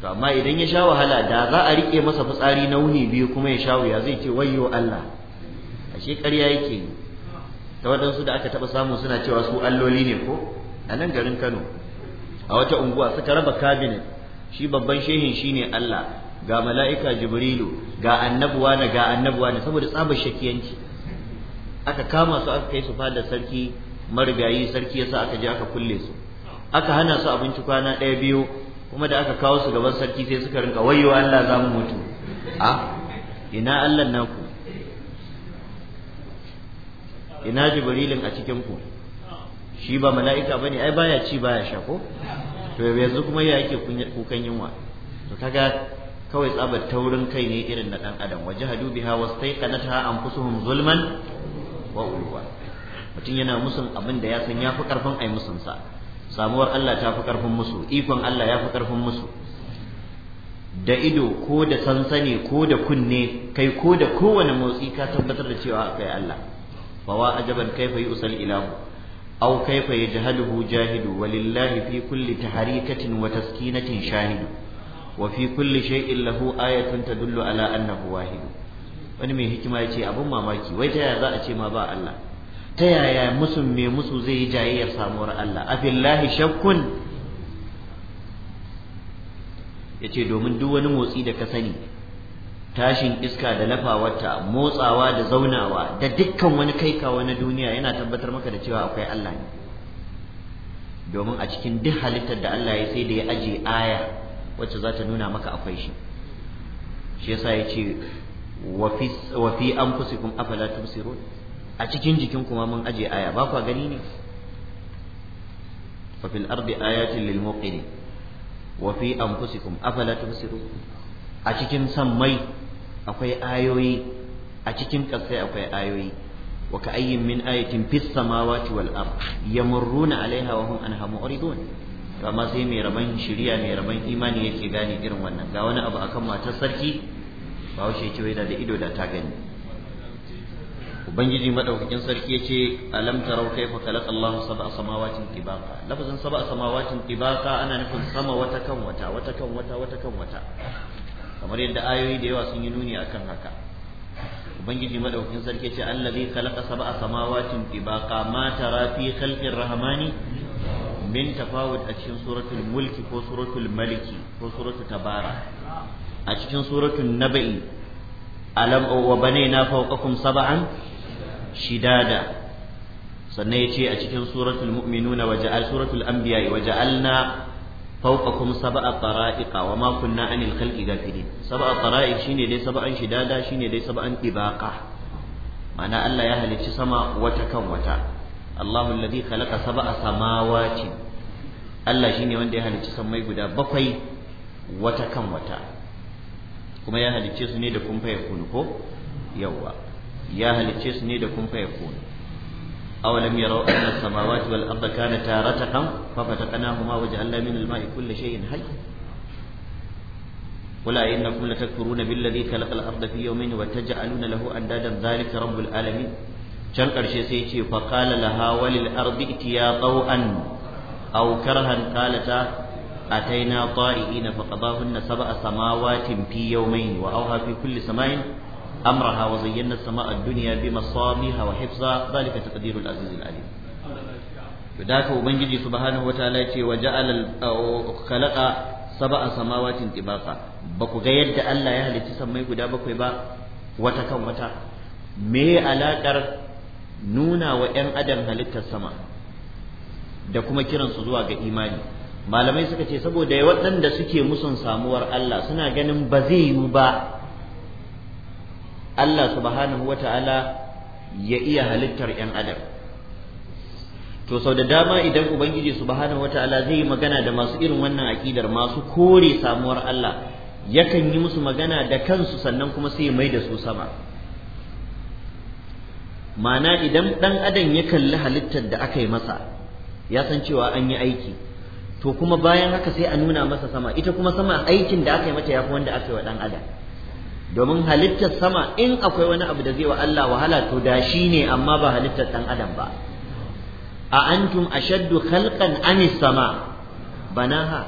to amma idan ya sha wahala da za a rike masa fitsari na wuni biyu kuma ya sha wuya zai ce wayyo Allah ashe ƙarya yake yi ta waɗansu da aka taɓa samu suna cewa su alloli ne ko a nan garin Kano a wata unguwa suka raba cabinet shi babban shehin shine Allah ga mala'ika jibrilu ga annabuwa na ga annabuwa na saboda tsabar shakiyanci aka kama su aka kai su fada sarki marigayi sarki yasa aka je aka kulle su aka hana su abinci kwana ɗaya biyu kuma da aka kawo su gaban sarki sai suka rinka wayo Allah za mu mutu a ina Allah naku ina jibrilin a cikin ku shi ba mala'ika ba ne, ai baya ci baya sha ko to yanzu kuma ya yake kukan yunwa to kaga kawai tsabar taurin kai ne irin na dan adam waje jahadu biha wastaiqanatha anfusuhum zulman wa ulwa mutum yana musun abin da ya san ya fi karfin ai musun sa samuwar Allah ta fi karfin musu ikon Allah ya fi karfin musu da ido ko da sansani ko da kunne kai ko da kowane motsi ka tabbatar da cewa akwai Allah fawa ajaban kaifa yusal ilahu أو كيف يجهله walillahi ولله في كل تحريكة وتسكينة shahidu wa fi kulli shay'in lahu ayatun tadullu ala annahu wani mai hikima yace abun mamaki wai ta yaya za a ce ma ba Allah ta yaya musu mai musu zai yi jayayyar samuwar Allah afillahi shakkun yace domin duk wani motsi da ka sani tashin iska da lafawarta motsawa da zaunawa da dukkan wani kai kawo na duniya yana tabbatar maka da cewa akwai Allah ne domin a cikin duk halittar da Allah ya sai da ya aje aya wacce za ta nuna maka akwai shi shi yasa ya ce wa fi anfusikum afala tubsirun a cikin jikin kuma mun aje aya ba kwa gani ne fa fil ardi ayatin lil muqinin wa fi anfusikum afala tubsirun a cikin sammai akwai ayoyi a cikin kasai akwai ayoyi wa ka ayyin min ayatin fis samawati wal ard yamurruna alaiha wa hum anha mu'ridun amma sai mai rabon shiriya mai rabon imani yake gane irin wannan ga wani abu akan matar sarki ba wuce ce da ido da ta gani ubangiji madaukakin sarki yace alam tarau kaifa khalaqa Allah sab'a samawati tibaqa lafazin sab'a samawati tibaqa ana nufin sama wata kan wata wata kan wata wata kan wata kamar yadda ayoyi da yawa sun yi nuni akan haka ubangiji madaukakin sarki yace allazi khalaqa sab'a samawati tibaqa ma tara fi khalqir rahmani min tafawud a cikin suratul mulki ko suratul maliki ko suratul tabara a cikin suratul naba'i alam wa banaina fawqakum sab'an shidada sannan yace a cikin suratul mu'minuna wa ja'al suratul anbiya wa ja'alna fawqakum sab'a tara'iqa wa ma kunna anil khalqi ghafilin sab'a tara'iq shine dai sab'an shidada shine dai sab'an ibaqa ma'ana Allah ya halicci sama wata kan wata Allahu alladhi khalaqa sab'a samawati Allah shine wanda ya halicci samai guda bakwai wata kan wata kuma ya halicce su ne da kun fa yakunu ko yawa ya halicce su ne da kun fa yakunu awalam yarau anna as-samawati wal arda kanata ratqan fa fataqnahuma wa ja'alna min al-ma'i kulli shay'in hayy قل أئنكم لتكفرون بالذي خلق الأرض في يومين وتجعلون له أندادا ذلك رب العالمين can ƙarshe sai ce fa qala laha walil ardi itiya taw'an aw karhan qalata ataina ta'iina fa qadahunna sab'a samawatin fi yawmayn wa awha fi kulli samain amraha wa zayyana as-sama'a ad-dunya bi masabiha wa hifza dhalika taqdirul aziz al-alim to da ka ubangiji subhanahu wataala ce wa ja'ala khalaqa sab'a samawatin tibaqa ba ku ga yadda Allah ya halitta sammai guda bakwai ba wata kan wata me alaƙar? nuna wa 'yan adam halittar sama da kuma kiransu zuwa ga imani malamai suka ce saboda waɗanda suke musun samuwar Allah suna ganin ba zai yiwu ba Allah subhanahu wa ta'ala ya iya halittar 'yan adam to sau da dama idan ubangiji subhanahu wa ta'ala zai magana da masu irin wannan akidar masu kore samuwar Allah yakan yi musu magana da kansu sannan kuma sai mai da su sama ma'ana idan ɗan adam ya kalli halittar da aka yi masa ya san cewa an yi aiki to kuma bayan haka sai a nuna masa sama ita kuma sama aikin da aka yi mata ya fi wanda aka yi wa dan adam domin halittar sama in akwai wani abu da zai wa Allah wahala to da shi ne amma ba halittar dan adam ba a antum ashaddu khalqan ani sama banaha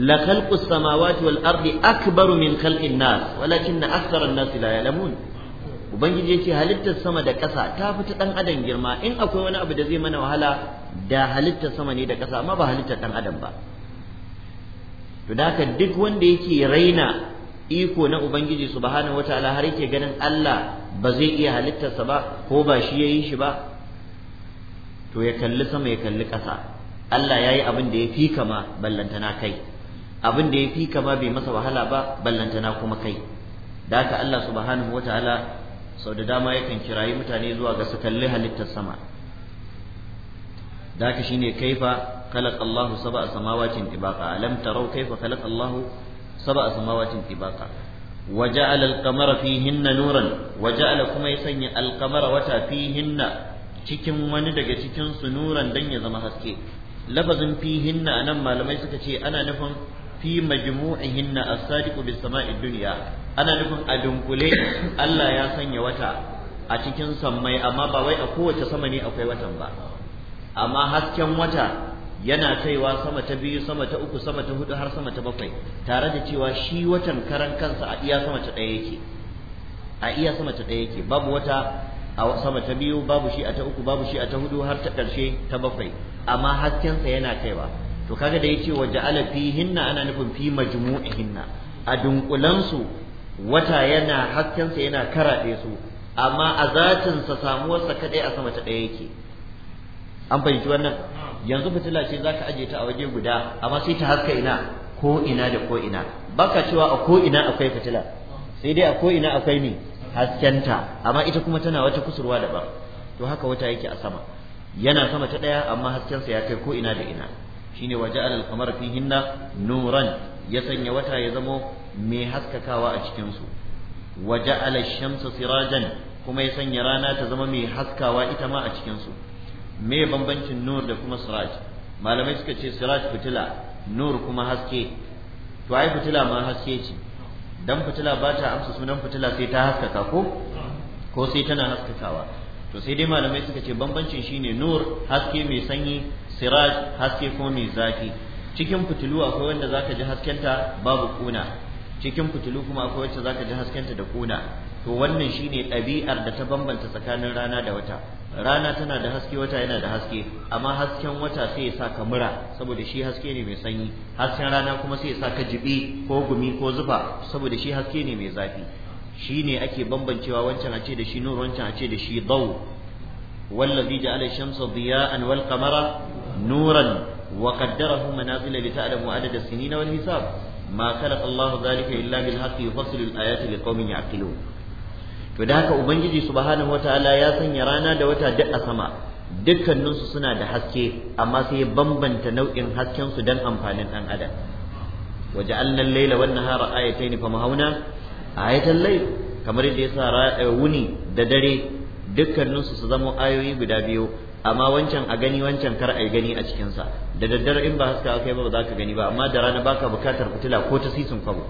la khalqus samawati wal ardi akbaru min khalqin nas walakinna akthara an-nas la ya'lamun ubangiji ya ce halittar sama da ƙasa ta fita ɗan adam girma in akwai wani abu da zai mana wahala da halittar sama ne da ƙasa amma ba halittar ɗan adam ba to da haka duk wanda yake raina iko na ubangiji subhanahu wataala har yake ganin Allah ba zai iya halittarsa ba ko ba shi ya yi shi ba to ya kalli sama ya kalli ƙasa Allah ya yi abin da ya fi kama ballantana kai abin da ya fi kama bai masa wahala ba ballantana kuma kai da haka Allah subhanahu wataala sau da dama yakan kirayi mutane zuwa ga su kalli halittar sama da shine kaifa خلق الله سبع سماوات طباقا ألم تروا كيف خلق الله سبع سماوات طباقا وجعل القمر فيهن نورا وجعل كما يسني القمر وتا فيهن cikin wani daga cikin su nuran dan ya zama haske lafazin fihinna anan malamai suka ce ana nufin fi majmu'ihinna as-sadiqu bis sama'i dunya ana nufin a dunkule Allah ya sanya wata a cikin sammai amma ba wai a kowace sama ne akwai watan ba amma hasken wata yana kaiwa sama ta biyu sama ta uku sama ta hudu har sama ta bakwai tare da cewa shi watan karan kansa a iya sama ta ɗaya yake a iya sama ta ɗaya yake babu wata a sama ta biyu babu shi a ta uku babu shi a ta hudu har ta ƙarshe ta bakwai amma haskensa yana kaiwa to kaga da yace wa ja'ala fihinna ana nufin fi majmu'ihinna a dunkulansu wata yana haskensa yana karaɗe su amma a zatinsa samuwarsa kaɗai a sama ta ɗaya yake an fahimci wannan yanzu fitila ce za ka aje ta a waje guda amma sai ta haska ina ko ina da ko ina baka cewa a ko ina akwai fitila sai dai a ko ina akwai ne haskenta amma ita kuma tana wata kusurwa daban to haka wata yake a sama yana sama ta ɗaya amma haskensa ya kai ko ina da ina shine waje alal kamar fihinna nuran ya sanya wata ya zamo mai haskakawa a cikinsu waje alashamsu sirajan kuma ya sanya rana ta zama mai haskawa ita ma a cikinsu mai bambancin nur da kuma siraj malamai suka ce siraj fitila nur kuma haske to ai fitila ma haske ce dan fitila ba ta amsa sunan fitila sai ta haskaka ko ko sai tana haskakawa to sai dai malamai suka ce bambancin shine nur haske mai sanyi siraj haske ko mai zafi cikin fitilu akwai wanda zaka ji haskenta babu kuna cikin fitilu kuma akwai wacce zaka ji haskenta da kuna to wannan shine ɗabi'ar da ta bambanta tsakanin rana da wata rana tana da haske wata yana da haske amma hasken wata sai ya sa mura saboda shi haske ne mai sanyi hasken rana kuma sai ya sa ka jibi ko gumi ko zufa saboda shi haske ne mai zafi shine ake bambancewa wancan a ce da shi nur wancan a ce da shi dau wallazi ja'ala shamsa diya'an wal qamara nuran wa qaddarahu manazila li ta'lamu adada sinina wal hisab ma Allahu Allah zalika illa bil haqqi yufassilu al ayati liqaumin ya'qilun to da haka ubangiji subhanahu wataala ya sanya rana da wata duk a sama dukkaninsu suna da haske amma sai ya bambanta nau'in hasken su dan amfanin dan adam ja'alna al-layla wan nahara ayatayn fa mahawna ayatal layl kamar yadda ya yasa eh, wuni da dare dukkaninsu su zama ayoyi guda biyu amma wancan a gani wancan kar a gani a cikinsa da daddare in ba haska kai ba za ka gani ba amma da rana baka bukatar fitila ko ta sisin fago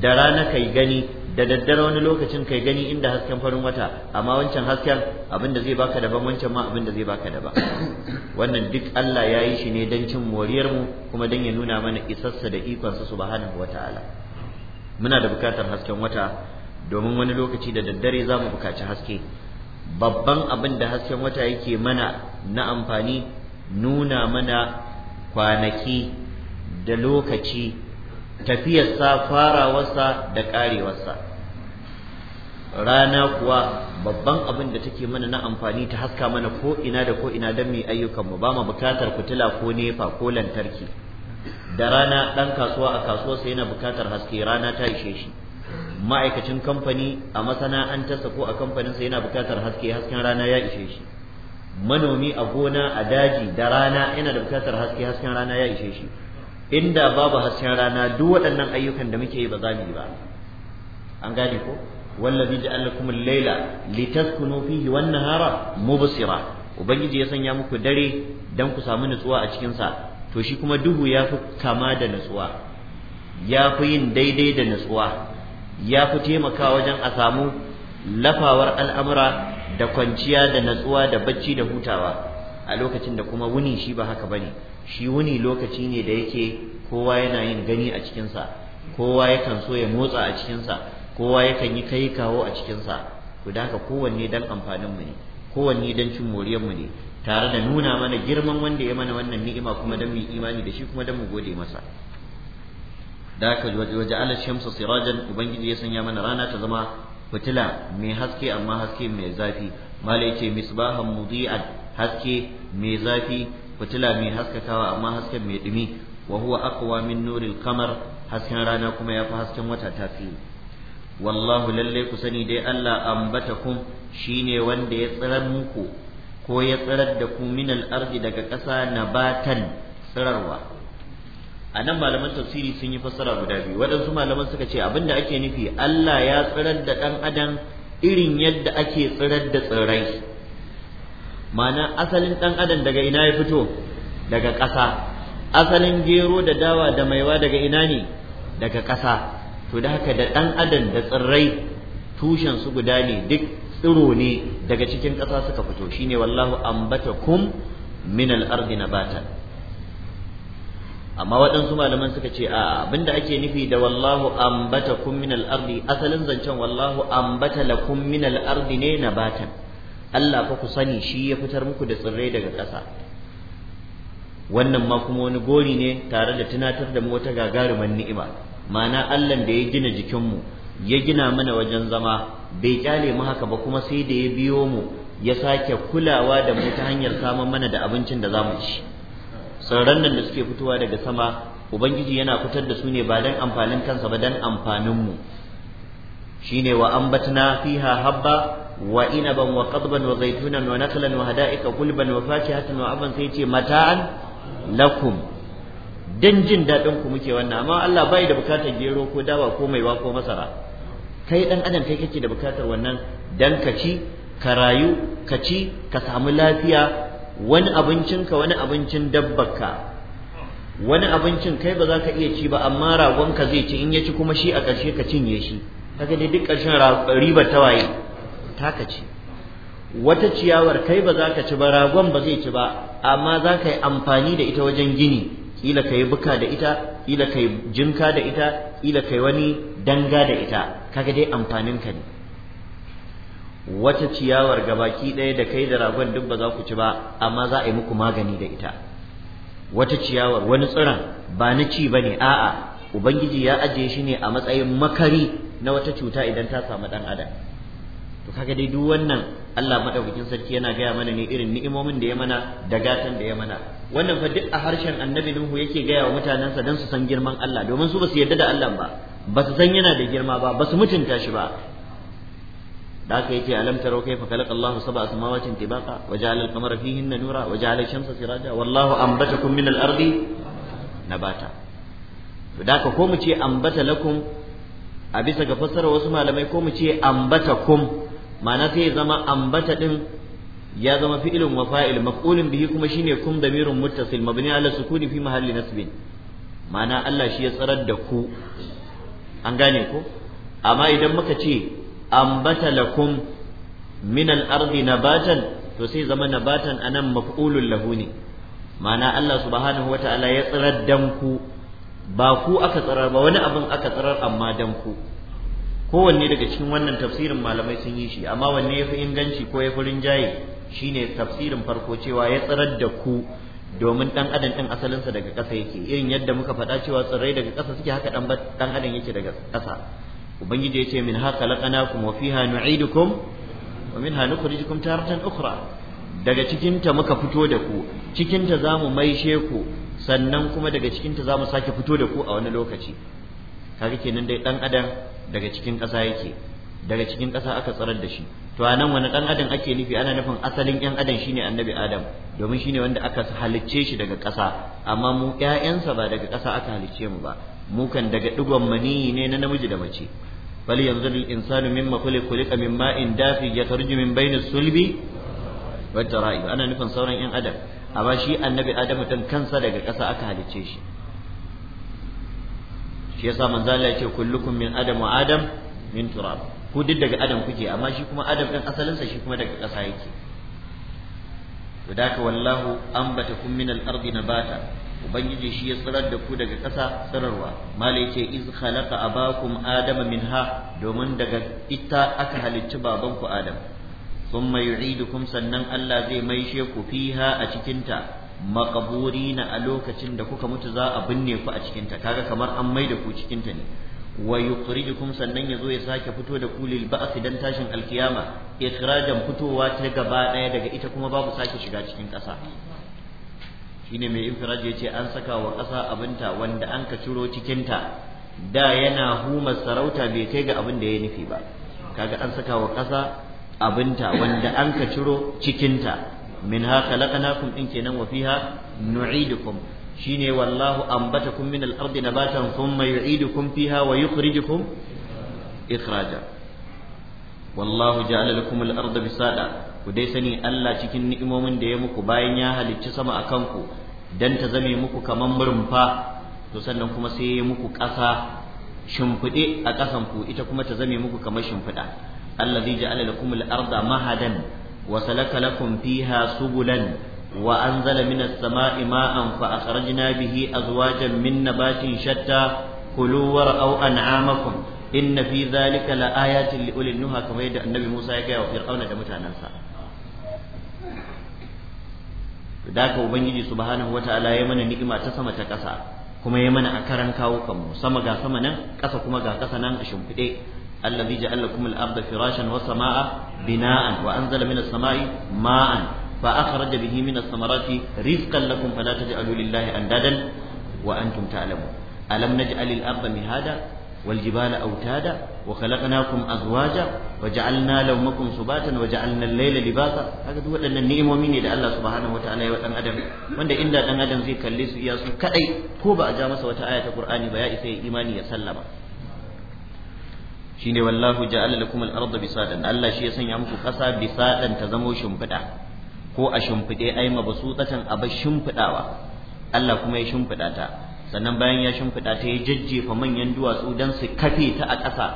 da rana kai gani da daddare wani lokacin kai gani inda hasken farin wata amma wancan hasken abinda zai baka daban wancan ma abinda zai baka daban wannan duk Allah ya yi shi ne don cin moriyar mu kuma don ya nuna mana isassa da ikon ikonsa subhanahu wataala muna da bukatar hasken wata domin wani lokaci da daddare za mu bukaci haske babban abin da hasken wata yake mana na amfani nuna mana kwanaki da lokaci tafiyarsa farawarsa da karewarsa rana kuwa babban abin da take mana na amfani ta haska mana ko ina da ko ina don mai ayyukanmu ba mu bukatar fitila ko nefa ko lantarki da rana ɗan kasuwa a kasuwa sai yana bukatar haske rana ta ishe shi ma'aikacin kamfani a masana'antarsa ko a kamfaninsa yana bukatar haske hasken rana ya ishe shi manomi a gona a daji da rana yana da bukatar haske hasken rana ya ishe shi inda babu hasken rana duk waɗannan ayyukan da muke yi ba za mu yi ba an gane ko wallazi ja'ala lakum al-laila litaskunu fihi wan-nahara mubsira ubangiji ya sanya muku dare dan ku samu nutsuwa a cikin sa to shi kuma duhu ya fi kama da nutsuwa ya fi yin daidai da nutsuwa ya fi taimaka wajen a samu lafawar al'amura da kwanciya da natsuwa da bacci da hutawa a lokacin da kuma wuni shi ba haka ba ne. shi wuni lokaci ne da yake kowa yana yin gani a cikinsa kowa yakan so ya motsa a cikinsa kowa yakan yi kai kawo a cikinsa ku da haka kowanne dan amfaninmu ne kowanne dan cin moriyarmu ne tare da nuna mana girman wanda ya mana wannan ni'ima kuma dan mu imani da shi kuma dan mu gode masa da ka waje ala shamsu sirajan ubangiji ya sanya mana rana ta zama fitila mai haske amma haske mai zafi mala yace misbahan mudi'at haske mai zafi fitila mai haskakawa amma haske mai dumi wa huwa aqwa min nuril qamar hasken rana kuma yafi hasken wata tafi wallahu lalle ku sani dai Allah ambatakum shine wanda ya tsirar muku ko ya tsirar da ku minal ardi daga ƙasa nabatan tsirarwa a nan malaman tafsiri sun yi fassara guda biyu waɗansu malaman suka ce abin da ake nufi Allah ya tsirar da ɗan adam irin yadda ake tsirar da tsirrai ma'ana asalin ɗan adam daga ina ya fito daga ƙasa asalin gero da dawa da maiwa daga ina ne daga ƙasa to da haka da ɗan adam da tsirrai tushen su guda ne duk tsiro ne daga cikin ƙasa suka fito shine wallahu ambatakum minal ardi nabatan amma waɗansu malaman suka ce a abinda ake nufi da wallahu ambata kun min al asalin zancen wallahu ambata lakum min al-ardi ne nabatan Allah fa ku sani shi ya fitar muku da tsirrai daga ƙasa wannan ma kuma wani gori ne tare da tunatar da mu wata gagaruman ni'ima ma'ana Allah da ya gina jikinmu ya gina mana wajen zama bai kyale mu haka ba kuma sai da ya biyo mu ya sake kulawa da mu ta hanyar samun mana da abincin da zamu ci sauran nan da suke fitowa daga sama ubangiji yana fitar da su ne ba dan amfanin kansa ba dan amfanin mu shine wa ambatna fiha habba wa inaban wa qadban wa zaitunan wa naklan wa hada'ika kulban wa fakihatan wa aban sai ce mata'an lakum dan jin dadin ku muke wannan amma Allah bai da bukatar gero ko dawa ko maiwa ko masara kai dan adam kai kake da bukatar wannan dan ka ci ka rayu ka ci ka samu lafiya wani abincinka wani abincin dabbarka wani abincin kai ba za ka iya ci ba amma ragon ka zai ci in ya ci kuma shi a ƙarshe ka cinye shi kaga dai duk ƙarshen ribar ta waye ka ci. wata ciyawar kai ba za ka ci ba ragon ba zai ci ba amma za ka yi amfani da ita wajen gini kila ka buka da ita ila ka jinka da ita kila kai wani danga da ita kaga dai ka ne wata ciyawar gabaki ɗaya da kai da ragon duk ba za ku ci ba amma za a yi muku magani da ita wata ciyawar wani tsiron ba na ci ba ne a'a ubangiji ya ajiye shi ne a matsayin makari na wata cuta idan ta samu ɗan adam to kaga dai duk wannan Allah madaukakin sarki yana gaya mana ne irin ni'imomin da ya mana da gatan da ya mana wannan fa duk a harshen annabi Nuhu yake gaya wa mutanensa don su san girman Allah domin su ba su yarda da Allah ba ba su san yana da girma ba ba su mutunta shi ba da aka yace alam taro kayfa khalaqa Allahu sab'a samawatin tibaqa wa ja'ala al-qamara fihinna nura wa ja'ala ash-shamsa siraja wallahu anbatakum min al-ardi nabata to da ka ko mu ce ambata lakum a bisa ga fassara wasu malamai ko mu ce ambata kum ma'ana sai zama ambata din ya zama fi'ilun wa fa'il maf'ulun bihi kuma shine kum damirun muttasil mabni ala sukuni fi mahalli nasbin ma'ana Allah shi ya tsarar da ku an gane ko amma idan muka ce ambata lakum min al-ardi nabatan to sai zama nabatan anan maf'ulun lahu ne ma'ana Allah subhanahu wata'ala ya tsirar dan ku ba ku aka tsirar ba wani abin aka tsirar amma dan ku kowanne daga cikin wannan tafsirin malamai sun yi shi amma wanne ya fi inganci ko ya fi rinjaye shine tafsirin farko cewa ya tsirar da ku domin dan adam din asalinsa daga ƙasa yake irin yadda muka faɗa cewa tsirrai daga ƙasa suke haka dan adam yake daga ƙasa ubangiji ya ce min ha khalaqnakum wa fiha nu'idukum wa minha nukhrijukum taratan ukhra daga cikinta muka fito da ku cikinta za mu maishe ku sannan kuma daga cikinta za mu sake fito da ku a wani lokaci kaga kenan dai dan adam daga cikin ƙasa yake daga cikin ƙasa aka tsarar da shi to anan wani dan adam ake nufi ana nufin asalin yan adam shine annabi adam domin shine wanda aka halicce shi daga ƙasa amma mu ƴaƴansa ba daga ƙasa aka halicce mu ba mukan daga digon maniyi ne na namiji da mace bal yanzur al insanu mimma khuliqa min ma'in dafi yakhruju min bayni sulbi wa tara'i ana nufin sauran yan adam amma shi annabi adam tun kansa daga ƙasa aka halicce shi shi yasa manzo Allah yake kullukum min adam wa adam min turab ku duk daga adam kuke amma shi kuma adam din asalinsa shi kuma daga ƙasa yake wadaka wallahu ambatakum min al-ardi nabata ubangiji shi ya tsirar da ku daga ƙasa tsirarwa malai ce iz khalaqa abakum adama minha domin daga ita aka halicci babanku adam thumma yu'idukum sannan Allah zai maishe ku fiha a cikinta maqburina a lokacin da kuka mutu za a binne ku a cikinta kaga kamar an maida ku cikinta ne wa yukhrijukum sannan yazo ya sake fito da ku lil ba'th dan tashin alkiyama ikhrajan fitowa ta gaba daya daga ita kuma babu sake shiga cikin ƙasa shine mai infiraj yace an saka wa ƙasa abinta wanda an ka ciro cikin ta da yana humar sarauta bai kai ga abin da ya nufi ba kaga an saka wa ƙasa abinta wanda an ka ciro cikin ta minha khalaqnakum in kenan wa fiha nu'idukum shine wallahu ambatakum min al-ardi nabatan thumma yu'idukum fiha wa yukhrijukum ikhraja wallahu ja'ala lakum al-arda bisada ku dai sani Allah cikin ni'imomin da ya muku bayan ya halicci sama akan ku dan ta zame muku kaman murumfa to sannan kuma sai ya muku ƙasa shimfiɗe a ƙasan ku ita kuma ta zame muku kamar shimfiɗa allazi ja'ala lakum al-arda mahadan wa salaka lakum fiha subulan wa anzala minas sama'i ma'an fa akhrajna bihi azwajan min nabatin shatta kulu au an'amakum inna fi dhalika la ayatin li ulil nuha kamar yadda annabi Musa ya ga wa fir'auna da mutanansa da haka ubangiji subhanahu wataala ya mana ni'ima ta sama ta ƙasa kuma ya mana a karan kawo kanmu sama ga sama nan ƙasa kuma ga ƙasa nan a shimfiɗe allazi ja lakum al-ardha firashan wa samaa bina'an wa anzala minas samai ma'an fa akhraja bihi minas samarati rizqan lakum fala taj'alu lillahi andadan wa antum ta'lamun alam naj'alil arda mihada والجبال أوتادا وخلقناكم أزواجا وجعلنا لومكم سباتا وجعلنا الليل لباسا هذا هو أن النعم ومن إلى الله سبحانه وتعالى وأن أدم وأن إن أن أدم زي كالليس ياسو كأي كوبا أجامس وتآية القرآن بيائي في إيماني يسلم شين والله جعل لكم الأرض بساطا الله شيء سنعمك قصا بساطا تزمو شمبدا ko a shimfiɗe ai mabasutatan abin shimfiɗawa Allah kuma ya shimfiɗa ta sannan bayan ya shimfiɗa ta ya jajjefa manyan duwatsu don su kafe ta a ƙasa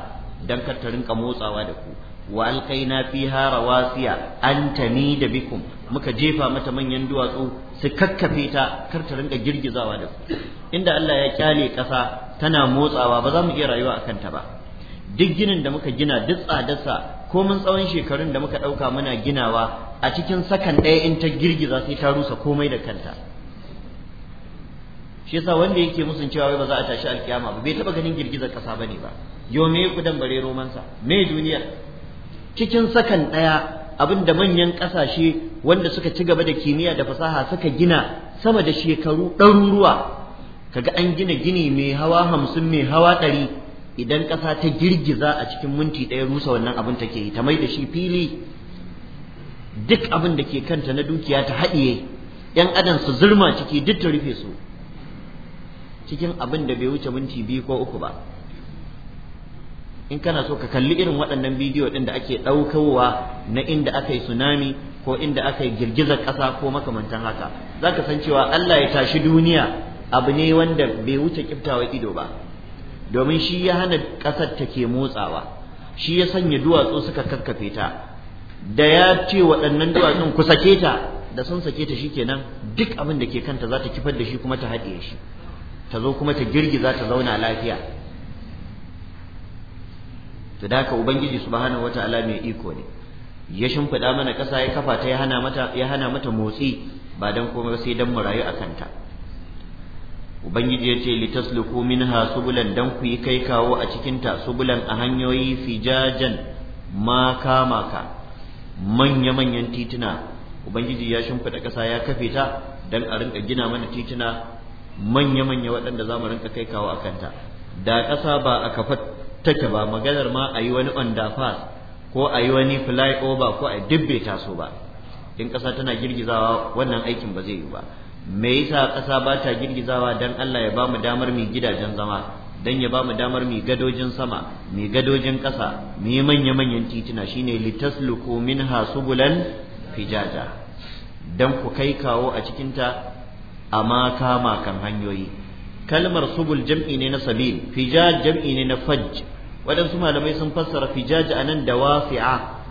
don kar ta rinka motsawa da ku wa alqaina fiha rawasiya antani da bikum muka jefa mata manyan duwatsu su kakkafe ta kar ta rinka girgizawa da ku inda Allah ya kyale ƙasa tana motsawa ba za mu iya rayuwa akan ta ba duk ginin da muka gina duk tsadarsa ko mun tsawon shekarun da muka ɗauka muna ginawa a cikin sakan ɗaya in ta girgiza sai ta rusa komai da kanta shi yasa wanda yake musun cewa wai ba za a tashi alkiyama ba bai taba ganin girgizar kasa bane ba yo me kudan bare romansa me duniya cikin sakan daya abinda manyan kasashe wanda suka ci gaba da kimiyya da fasaha suka gina sama da shekaru ɗaruruwa kaga an gina gini mai hawa hamsin mai hawa ɗari idan ƙasa ta girgiza a cikin minti ɗaya rusa wannan abin take yi ta mai da shi fili duk abin da ke kanta na dukiya ta haɗiye ‘yan adam su zurma ciki duk ta rufe su cikin abin da bai wuce minti biyu ko uku ba in kana so ka kalli irin waɗannan bidiyo ɗin da ake ɗaukowa na inda aka yi tsunami ko inda aka yi girgizar ƙasa ko makamantan haka za ka san cewa Allah ya tashi duniya abu ne wanda bai wuce kiftawa ido ba domin shi ya hana ƙasar take motsawa shi ya sanya duwatsu suka kakkafe ta da ya ce waɗannan duwatsun ku sake ta da sun sake ta shi kenan duk abin da ke kanta za ta kifar da shi kuma ta haɗiye shi ta zo kuma ta girgiza ta zauna lafiya to da haka ubangiji subhanahu wataala mai iko ne ya shimfiɗa mana ƙasa ya kafa ta ya hana mata motsi ba don kuma sai dan mu rayu kanta. ta ubangiji yace litasluku minha subulan dan ku yi kai kawo a cikinta ta subulan a hanyoyi fijajan maka maka manya manyan tituna ubangiji ya shimfiɗa ƙasa ya kafe ta don a rinka gina mana tituna manya-manya waɗanda za mu rinka kai kawo a kanta da ƙasa ba a kafa take ba maganar ma a yi wani underpass ko a yi wani flyover ko a dibbe taso ba in ƙasa tana girgizawa wannan aikin ba zai yi ba me yasa ƙasa ba ta girgizawa dan Allah ya ba mu damar mu gidajen zama dan ya ba mu damar mu gadojin sama mu gadojin ƙasa mu yi manya-manyan tituna shine litasluku minha subulan fijaja dan ku kai kawo a cikinta amma kama kan hanyoyi kalmar subul jam'i ne na sabil fijaj jam'i ne na fajj waɗansu malamai sun fassara fijaj a nan da wasi'a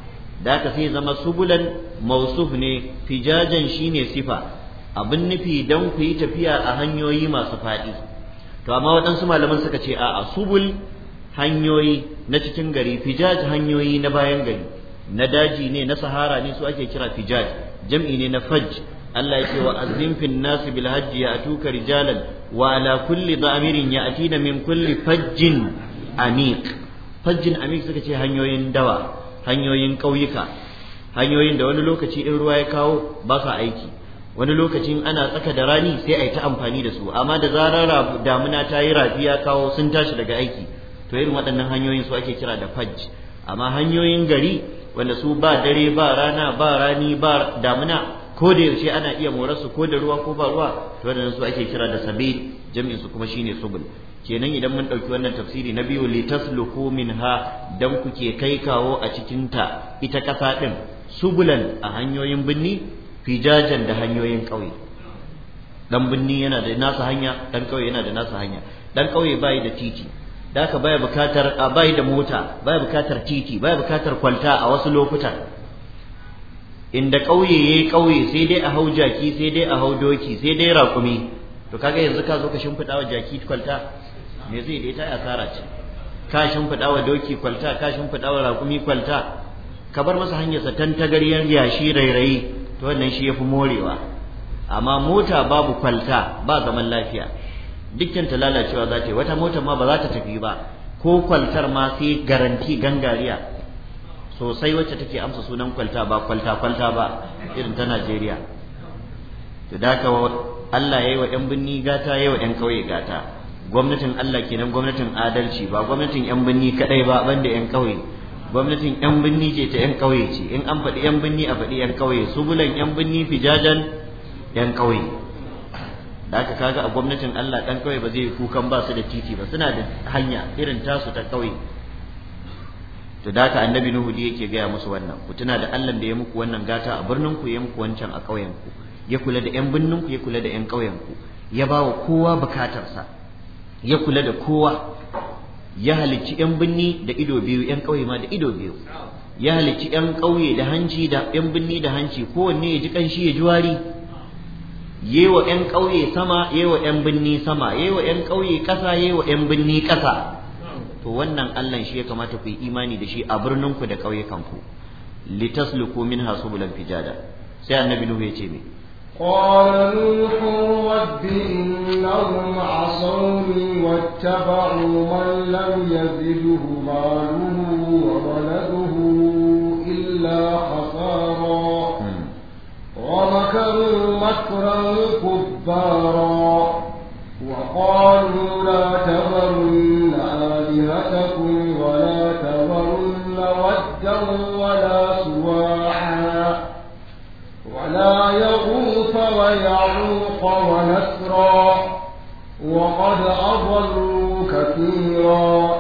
da ka sai zama subulan mausuf ne fijajan shine sifa abin nufi don ku yi tafiya a hanyoyi masu faɗi to amma waɗansu malaman suka ce a'a subul hanyoyi na cikin gari fijaj hanyoyi na bayan gari na daji ne na sahara ne su ake kira fijaj jam'i ne na fajj Allah ya ce wa azzim fin nas bil hajj atuka rijalan wa ala kulli dhamirin atina min kulli fajjin amiq fajjin amiq suka ce hanyoyin dawa hanyoyin ƙauyuka hanyoyin da wani lokaci in ruwa ya kawo ba sa aiki wani lokacin ana tsaka da rani sai a yi ta amfani da su amma da zarar damuna ta yi rafiya kawo sun tashi daga aiki to irin waɗannan hanyoyin su ake kira da fajj amma hanyoyin gari wanda su ba dare ba rana ba rani ba damuna ko da yaushe ana iya morarsu ko da ruwa ko ba ruwa to wannan su ake kira da sabil jami'in su kuma shine subul kenan idan mun dauki wannan tafsiri na biyu li tasluku minha dan kuke kai kawo a cikin ta ita kasa din subulan a hanyoyin binni fijajan da hanyoyin kauye dan binni yana da nasa hanya dan kauye yana da nasa hanya dan kauye bai da titi da ka baya bukatar bai da mota baya bukatar titi baya bukatar kwalta a wasu lokutan inda ƙauye yayi ƙauye sai dai a hau jaki sai dai a hau doki sai dai raƙumi to kaga yanzu ka zo ka shimfiɗa wa jaki kwalta me zai dai ta tsara ce ka shimfiɗa wa doki kwalta ka shimfiɗa wa raƙumi kwalta ka bar masa hanyarsa tan tagariyar yashi rairayi to wannan shi yafi morewa amma mota babu kwalta ba zaman lafiya dukkan ta lalacewa za ta yi wata mota ma ba za ta tafi ba ko kwaltar ma sai garanti gangariya sosai wacce take amsa sunan kwalta ba kwalta kwalta ba irin ta Najeriya to da ka Allah yayi wa ɗan binni gata yayi wa ɗan kauye gata gwamnatin Allah kenan gwamnatin adalci ba gwamnatin ƴan binni kadai ba banda ƴan kauye gwamnatin ƴan binni ce ta ƴan kauye ce in an faɗi ƴan binni a faɗi yan kauye bulan ƴan binni fijajan ƴan kauye da ka kaga a gwamnatin Allah ɗan kauye ba zai kukan ba su da titi ba suna da hanya irin tasu ta kauye to da haka annabi nuhu da yake gaya musu wannan ku tuna da allan da ya muku wannan gata a birnin ku ya muku wancan a ƙauyen ku ya kula da yan birnin ku ya kula da yan ƙauyen ku ya bawa kowa bukatarsa ya kula da kowa ya halicci yan birni da ido biyu yan ƙauye ma da ido biyu ya halicci yan ƙauye da hanci da yan birni da hanci kowanne ya ji kanshi ya ji wari yewa yan ƙauye sama yewa yan birni sama yewa yan ƙauye ƙasa yewa yan birni ƙasa to wannan Allah shi ya kamata ku yi imani da shi a birnin ku da ƙauyukan ku litasluku minha subulal fijada sai annabi nuhu ya ce me قال نوح رب إنهم عصوني واتبعوا من لم يزده ماله وولده إلا خسارا ومكروا مكرا كبارا وقالوا لا تذرن آلهتكم ولا تذرن ودا ولا سواعا ولا يغوث ويعوق ونسرا وقد أضلوا كثيرا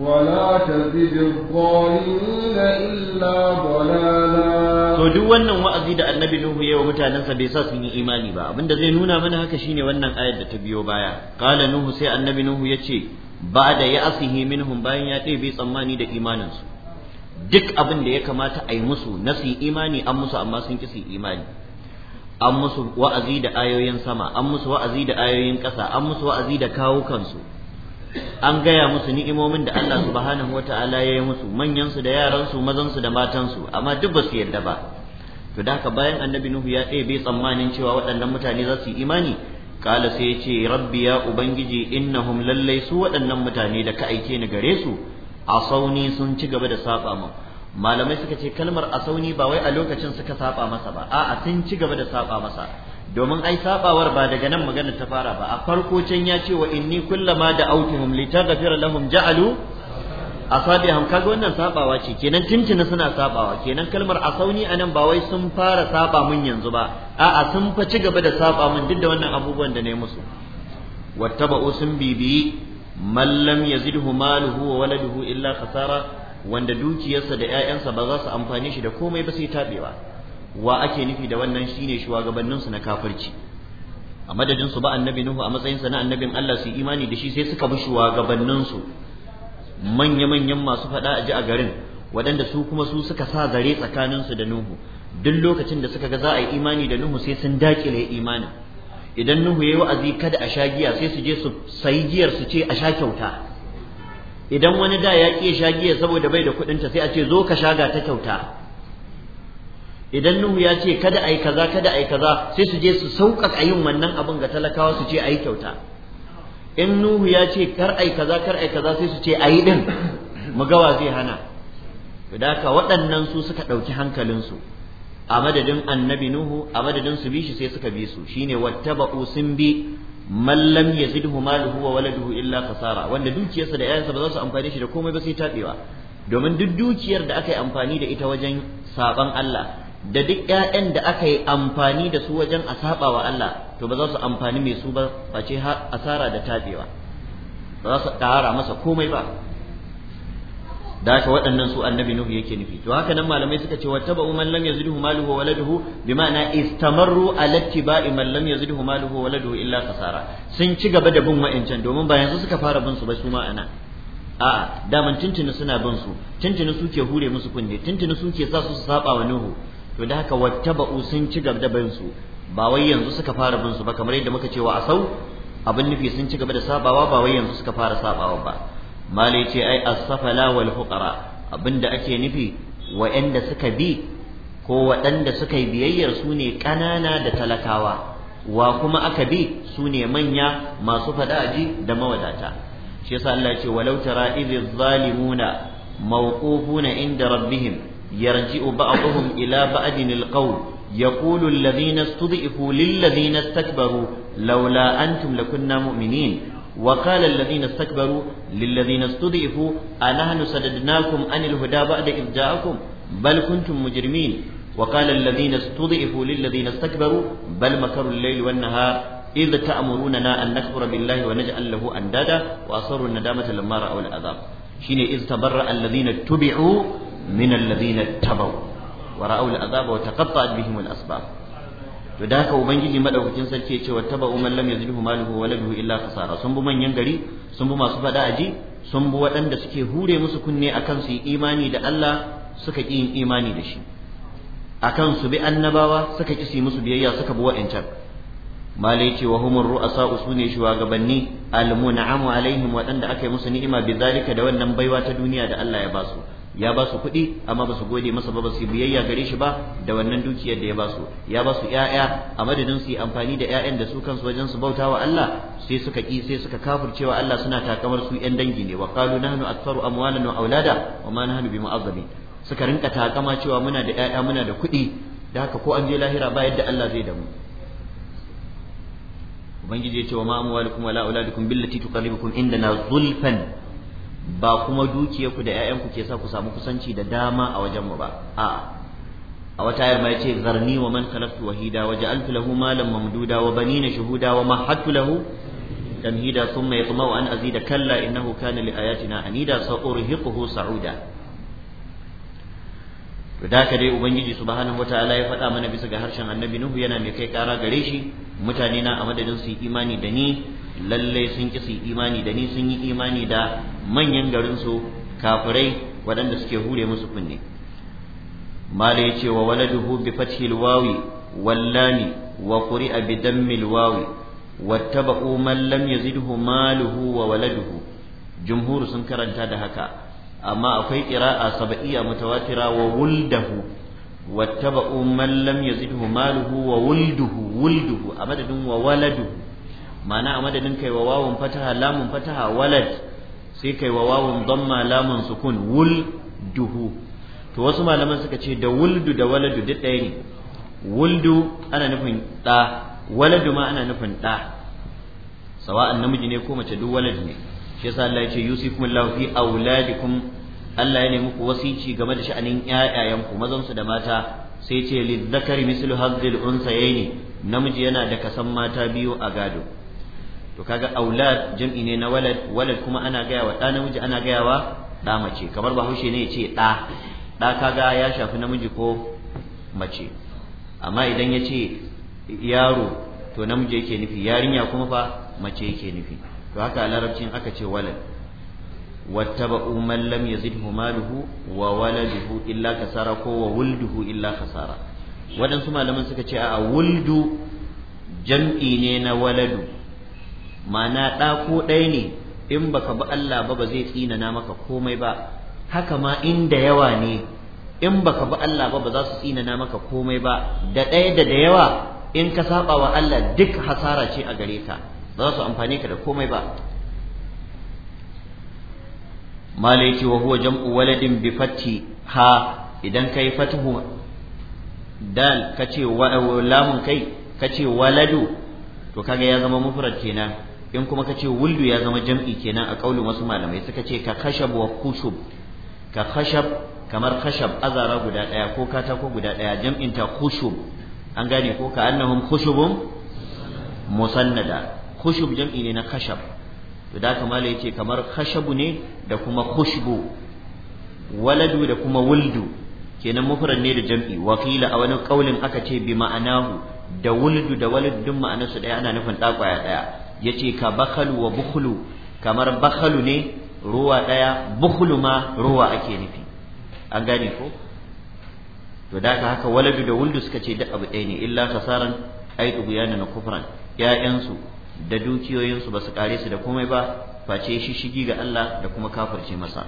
ولا تزد الظالمين إلا ضلالا to duk wannan wa'azi da annabi Nuhu yayi wa mutanansa bai sa sun yi imani ba abinda zai nuna mana haka shine wannan ayar da ta biyo baya qala nuhu sai annabi nuhu yace Ba da ba'da ya'sihi minhum bayan ya ɗebe tsammani da imaninsu duk abin da ya kamata a yi musu na su imani an musu amma sun ki su imani an musu wa'azi da ayoyin sama an musu wa'azi da ayoyin ƙasa an musu wa'azi da kawo kansu an gaya musu ni'imomin da Allah subhanahu wata'ala ya yi musu manyansu da yaransu mazansu da matansu amma duk ba su yarda ba to da haka bayan annabi nuhu ya ɗebe tsammanin cewa waɗannan mutane za su yi imani kala sai ya ce rabbi ya ubangiji innahum lallai su waɗannan mutane da ka aike ni gare su asauni sun ci gaba da saba min malamai suka ce kalmar asauni ba wai a lokacin suka saba masa ba a'a sun ci gaba da saba masa domin ai sabawar ba daga nan magana ta fara ba a farko can ya ce wa inni kullama da autuhum litaghfira lahum ja'alu ham kaga wannan sabawa ce kenan tuntuna suna sabawa kenan kalmar asauni anan ba wai sun fara saba mun yanzu ba a'a sun fa ci gaba da saba mun duk da wannan abubuwan da ne musu wattaba usun bibiyi man lam yazidhu maluhu wa waladuhu illa khasara wanda dukiyarsa da ƴaƴansa ba za su amfane shi da komai ba sai tabewa wa ake nufi da wannan shine shugabanninsu na kafirci a madadin su ba annabi nuhu a matsayinsa na annabin Allah su imani da shi sai suka bi shugabanninsu manya-manyan masu faɗa a ji a garin waɗanda su kuma su suka sa zare tsakaninsu da Nuhu duk lokacin da suka ga za a yi imani da Nuhu sai sun dakile imanin idan Nuhu yayi wa'azi kada a sha giya sai su je su sayi giyar su ce a sha kyauta idan wani da ya ƙi sha giya saboda bai da kuɗin ta sai a ce zo ka shaga ta kyauta idan Nuhu ya ce kada ai kaza kada ai kaza sai su je su sauƙaƙa yin wannan abin ga talakawa su ce ai kyauta in nuhu ya ce kar ai kaza kar ai kaza sai su ce ayi din mu zai hana da waɗannan su suka ɗauki hankalinsu a madadin annabi nuhu a madadin su bi shi sai suka bi su shine wattaba'u sun bi man lam yazidhu maluhu wa waladuhu illa khasara wanda dukiyarsa da 'ya'yansa ba za su amfane shi da komai ba sai tabewa domin duk dukiyar da aka yi amfani da ita wajen saban Allah da duk ƴaƴan da aka yi amfani da su wajen a saba wa Allah to ba za su amfani mai su ba face asara da tabewa ba za su ƙara masa komai ba da haka waɗannan su annabi nuhu yake nufi to haka nan malamai suka ce ba man lam yazidhu maluhu wa waladuhu bima'ana istamarru ala ittiba'i man lam yazidhu maluhu wa waladuhu illa kasara sun ci gaba da bin wa'ancan domin ba yanzu suka fara bin su ba su ma ana a'a daman tuntuni suna bin su tuntuni suke hure musu kunne tuntuni suke sa su saba wa nuhu to da haka wattaba'u sun ci gaba da bin su ba wai yanzu suka fara bin su ba kamar yadda muka cewa a sau? abin nufi sun ci gaba da sabawa ba wai yanzu suka fara sabawa ba mali ce ai as-safala wal fuqara abinda ake nufi wa'anda suka bi ko waɗanda suka yi biyayyar su ne ƙanana da talakawa wa kuma aka bi su ne manya masu fada'aji da mawadata shi yasa Allah ce walau tara idh zalimuna mawqufuna inda rabbihim yarji'u ba'dhum ila ba'din alqawl يقول الذين استضعفوا للذين استكبروا لولا أنتم لكنا مؤمنين وقال الذين استكبروا للذين استضعفوا أنحن سددناكم عن الهدى بعد إذ جاءكم بل كنتم مجرمين وقال الذين استضعفوا للذين استكبروا بل مكروا الليل والنهار إذ تأمروننا أن نكفر بالله ونجعل له أندادا وأصروا الندامة لما رأوا العذاب شين إذ تبرأ الذين اتبعوا min alladhina tabaw wa ra'aw al'azaba wa taqatta'at to da haka ubangiji madaukakin sarki ya ce wa tabu man lam yazlihu maluhu wa lahu illa khasara sun bi manyan gari sun bi masu fada aji sun bi waɗanda suke hure musu kunne akan su yi imani da Allah suka ki yin imani da shi akan su bi annabawa suka ki su yi musu biyayya suka bi wa'ancan malai ce wa humur ru'asa usune shugabanni almun'amu alaihim waɗanda aka yi musu ni'ima bi zalika da wannan baiwa ta duniya da Allah ya ba su ya ba su kuɗi amma ba su gode masa ba ba su biyayya gare shi ba da wannan dukiyar da ya ba su ya ba su ƴaƴa a madadin su yi amfani da ƴaƴan da su kansu wajen su bauta wa Allah sai suka ki sai suka kafircewa Allah suna takamar su ƴan dangi ne wa qalu nahnu aktharu amwalan wa aulada wa ma nahnu bimu'azzabin suka rinka takama cewa muna da ƴaƴa muna da kuɗi da haka ko an je lahira ba yadda Allah zai da mu ubangiji ya ce wa ma amwalukum wala auladukum billati tuqarribukum indana zulfan ba kuma dukiyarku da 'ya'yanku ke sa ku samu kusanci da dama a wajenmu ba a'a a wata ayar ma yace zarni wa man khalaqtu wahida wa ja'altu lahu malan mamduda wa banina shuhuda wa mahattu lahu tamhida thumma yatma'u an azida kalla innahu kana li ayatina anida sa urhiquhu sa'uda to da ka dai ubangiji subhanahu wataala ya faɗa mana bisa ga harshen annabi nuhu yana mai kai kara gare shi mutane na a madadin su imani da ni Lallai sun ki su imani da ni sun yi imani da manyan garinsu su kafirai waɗanda suke hure musu kunne mala yace wa waladuhu bi fathi alwawi wallani wa quri'a bi dammi alwawi wattaba'u man lam yazidhu maluhu wa waladuhu jumhur sun karanta da haka amma akwai qira'a sab'iyya mutawatira wa wuldahu wattaba'u man lam yazidhu maluhu wa wulduhu wulduhu a madadin wa waladuhu ma'ana a madadin kai wa wawun fataha lamun fataha walad sai kai wa wawun dhamma lamun sukun wul duhu to wasu malaman suka ce da wuldu da waladu duk ɗaya ne wuldu ana nufin ɗa waladu ma ana nufin ɗa sawa'an namiji ne ko mace duk waladu ne shi yasa Allah ya ce yusikumullahu fi auladikum Allah ya ne muku wasici game da sha'anin ƴaƴayenku mazansu da mata sai ce lizzakari mislu hazzil unsayaini namiji yana da kasan mata biyu a gado to kaga aulad jam'i ne na walad walad kuma ana gaya wa ɗa namiji ana gaya wa ɗa mace kamar bahaushe ne ya ce ɗa ɗa kaga ya shafi namiji ko mace amma idan ya ce yaro to namiji yake nufi yarinya kuma fa mace yake nufi to haka a larabcin aka ce walad wattaba'u man lam yazidhu maluhu wa waladuhu illa kasara ko wa wulduhu illa kasara wadansu malaman suka ce a wuldu jam'i ne na waladu ma'ana ɗako ko ɗaya ne in baka bi Allah ba ba zai tsinana maka komai ba haka ma inda yawa ne in baka bi Allah ba ba za su tsinana maka komai ba da ɗaya da da yawa in ka saba wa Allah duk hasara ce a gare ka ba za su amfane ka da komai ba malaiki wa huwa jam'u waladin bi fatti ha idan kai fatuhu dal kace wa lamun kai kace waladu to kaga ya zama mufrad kenan in kuma kace wuldu ya zama jam'i kenan a kaulin wasu malamai suka ce ka khashab wa kushub ka khashab kamar khashab azara guda daya ko katako guda daya jam'in ta kushub an gane ko ka annahum khushubun musannada khushub jam'i ne na khashab to da kamala yace kamar khashabu ne da kuma khushbu waladu da kuma wuldu kenan mufrad ne da jam'i wakila a wani kaulin aka ce bi ma'anahu da wuldu da walad duk ma'anarsu daya ana nufin ɗakwaya ɗaya. daya Ya ce ka bakalu wa bukhlu kamar bakalu ne ruwa ɗaya bukulu ma ruwa ake nufi an gane ko to da haka waladu da wuldu suka ce duk abu ɗaya ne illa kasaran ai tuguyana na kufran ƴaƴansu da dukiyoyinsu ba su kare su da komai ba face shi shigi ga Allah da kuma kafirce masa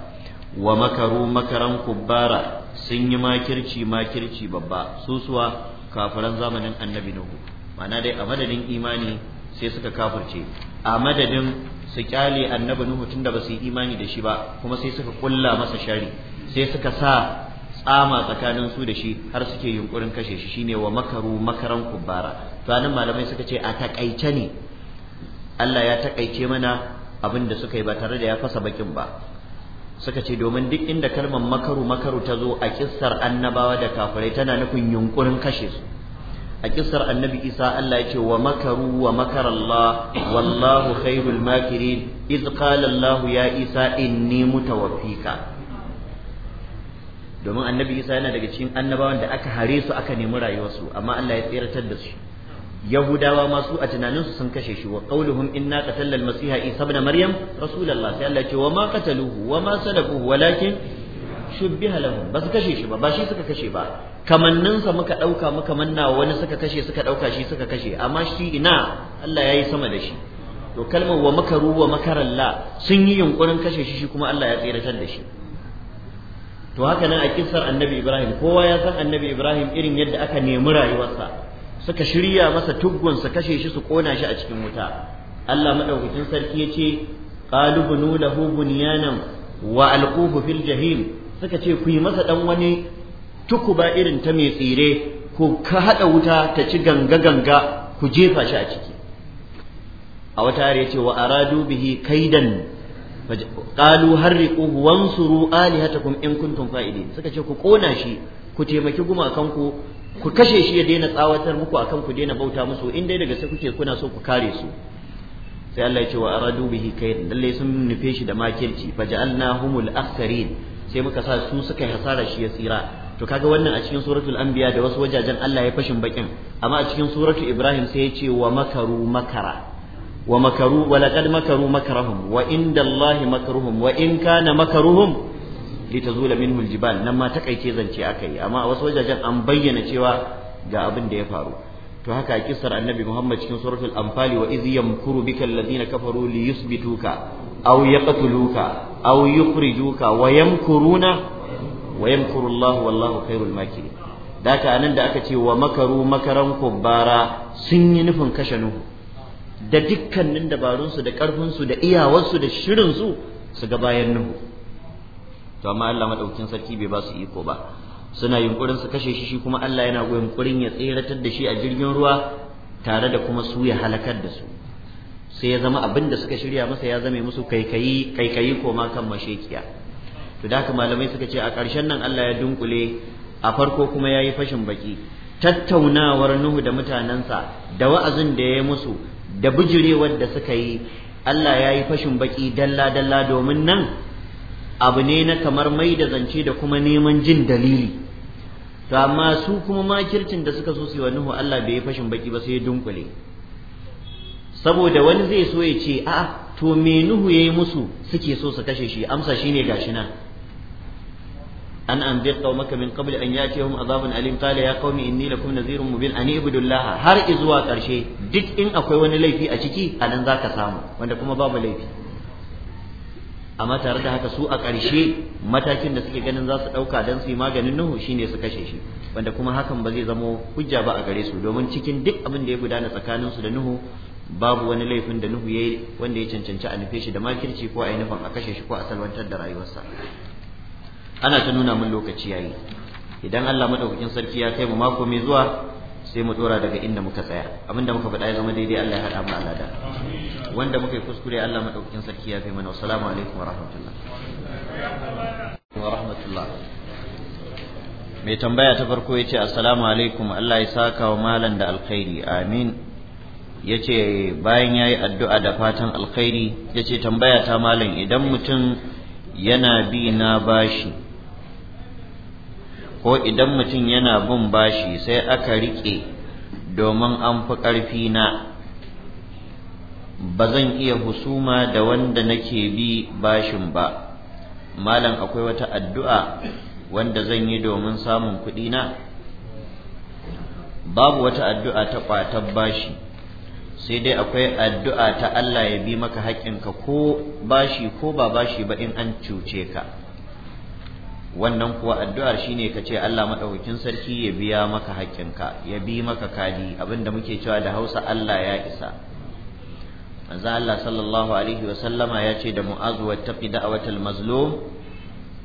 wa makaru makaran kubbara sun yi makirci makirci babba susuwa kafiran zamanin annabi nuhu ma'ana dai a madadin imani sai suka kafirce a madadin su kyale annabi nuhu tunda ba su yi imani da shi ba kuma sai suka kulla masa shari sai suka sa tsama tsakanin su da shi har suke yunkurin kashe shi shine wa makaru makaran kubbara to anan malamai suka ce a takaice ne Allah ya takaice mana abin da suka yi ba tare da ya fasa bakin ba suka ce domin duk inda kalmar makaru makaru ta zo a kissar annabawa da kafirai tana nufin yunkurin kashe su a kisar annabi isa Allah ya ce wa makaru wa makar Allah wallahu khairul makirin iz qala Allah ya isa inni mutawaffika domin annabi isa yana daga cikin annabawan da aka hare su aka nemi rayuwarsu amma Allah ya tsiratar da su yahudawa ma su a tunaninsu sun kashe shi wa qauluhum inna qatalna al-masiha isa ibn maryam rasulullah sai Allah ya ce wa ma qataluhu wa ma salabuhu walakin shubbiha lahum ba su kashe shi ba ba shi suka kashe ba kamanninsa muka ɗauka muka manna wani suka kashe suka ɗauka shi suka kashe amma shi ina Allah ya yi sama da shi to kalmar wa makaru wa makaralla sun yi yunkurin kashe shi shi kuma Allah ya tsiratar da shi to haka nan a kissar annabi Ibrahim kowa ya san annabi Ibrahim irin yadda aka nemi rayuwarsa suka shirya masa tuggun su kashe shi su kona shi a cikin wuta Allah madaukakin sarki ya ce qalu bunu lahu bunyanan wa alquhu fil jahim suka ce ku yi masa dan wani tukuba irin ta mai tsire ku ka haɗa wuta ta ci ganga ganga ku jefa shi a ciki a wata ya ce wa aradu bihi kaidan qalu harriquhu wansuru alihatakum in kuntum fa'ilin suka ce ku kona shi ku taimaki gumakan ku ku kashe shi ya daina tsawatar muku akan ku daina bauta musu in dai daga sai kuke kuna so ku kare su sai Allah ya ce wa aradu bihi kaidan lalle sun nufe shi da makirci faj'alnahumul aktharin sai muka sa su suka hasara shi ya tsira to kaga wannan a cikin suratul anbiya da wasu wajajen Allah ya fashin bakin amma a cikin suratul ibrahim sai ya ce wa makaru makara wa makaru wa laqad makaru makarahum wa inda makaruhum wa in kana makaruhum litazula minhu aljibal nan ma takaice zance akai amma a wasu wajajen an bayyana cewa ga abin da ya faru to haka kisar annabi Muhammad cikin suratul anfal wa iz yamkuru bika alladhina kafaru li yuthbituka aw yaqtuluka aw yukhrijuka wa yamkuruna wa yamkuru Allah wallahu khairul makirin daka anan da aka ce wa makaru makaran kubbara sun yi nufin kashe nuhu da dukkanin dabarunsu da ƙarfinsu da iyawarsu da shirinsu su ga bayan nuhu to amma Allah madaukin sarki bai ba su iko ba suna yunkurin su kashe shi shi kuma Allah yana yunkurin ya tseratar da shi a jirgin ruwa tare da kuma su ya halakar da su sai ya zama abin da suka shirya masa ya zame musu kaikayi kaikayi koma kan mashekiya to da haka malamai suka ce a ƙarshen nan Allah ya dunkule a farko kuma ya yi fashin baki tattaunawar Nuhu da mutanensa da wa'azin da ya yi musu da bijirewar da suka yi Allah ya yi fashin baki dalla dalla domin nan abu ne na kamar mai da zance da kuma neman jin dalili to amma su kuma makircin da suka so su yi wa Nuhu Allah bai yi fashin baki ba sai ya dunkule saboda wani zai so ya ce a to me Nuhu yayi musu suke so su kashe shi amsa shine gashi nan an anzir qaumaka min qabl an yatihum azabun alim qala ya qaumi inni lakum nadhirun mubin an ibudullaha har izuwa karshe duk in akwai wani laifi a ciki anan zaka samu wanda kuma babu laifi amma tare da haka su a ƙarshe matakin da suke ganin za su ɗauka don su yi maganin nuhu shine su kashe shi wanda kuma hakan ba zai zamo hujja ba a gare su domin cikin duk abin da ya gudana tsakanin su da nuhu babu wani laifin da nuhu yayi wanda ya cancanci a nufe shi da makirci ko a yi nufin a kashe shi ko a salwantar da rayuwarsa ana ta nuna min lokaci yayi idan Allah madaukakin sarki ya kai mu mako mai zuwa sai mu tsora daga inda muka tsaya abinda muka faɗa ya zama daidai Allah ya haɗa mu alada wanda muka yi kuskure Allah madaukakin sarki ya fi mana assalamu alaikum wa rahmatullah wa rahmatullah mai tambaya ta farko yace assalamu alaikum Allah ya saka wa malan da alkhairi amin yace bayan yayi addu'a da fatan alkhairi yace tambaya ta malam idan mutum yana bi na bashi ko idan mutum yana bin bashi sai aka riƙe domin an fi ƙarfi na ba zan iya husuma da wanda nake bi bashin ba malam akwai wata addu'a wanda zan yi domin samun kuɗi na babu wata addu'a ta ƙwatar bashi sai dai akwai addu'a ta Allah ya bi maka haƙƙinka ko bashi ko ba bashi ba in an cuce ka wannan kuwa addu'ar shine ka ce Allah maɗaukakin sarki ya biya maka ka, ya bi maka kadi abinda muke cewa da Hausa Allah ya isa manzo Allah sallallahu alaihi wa sallama ya ce da Mu'az wa taqi da'watal mazlum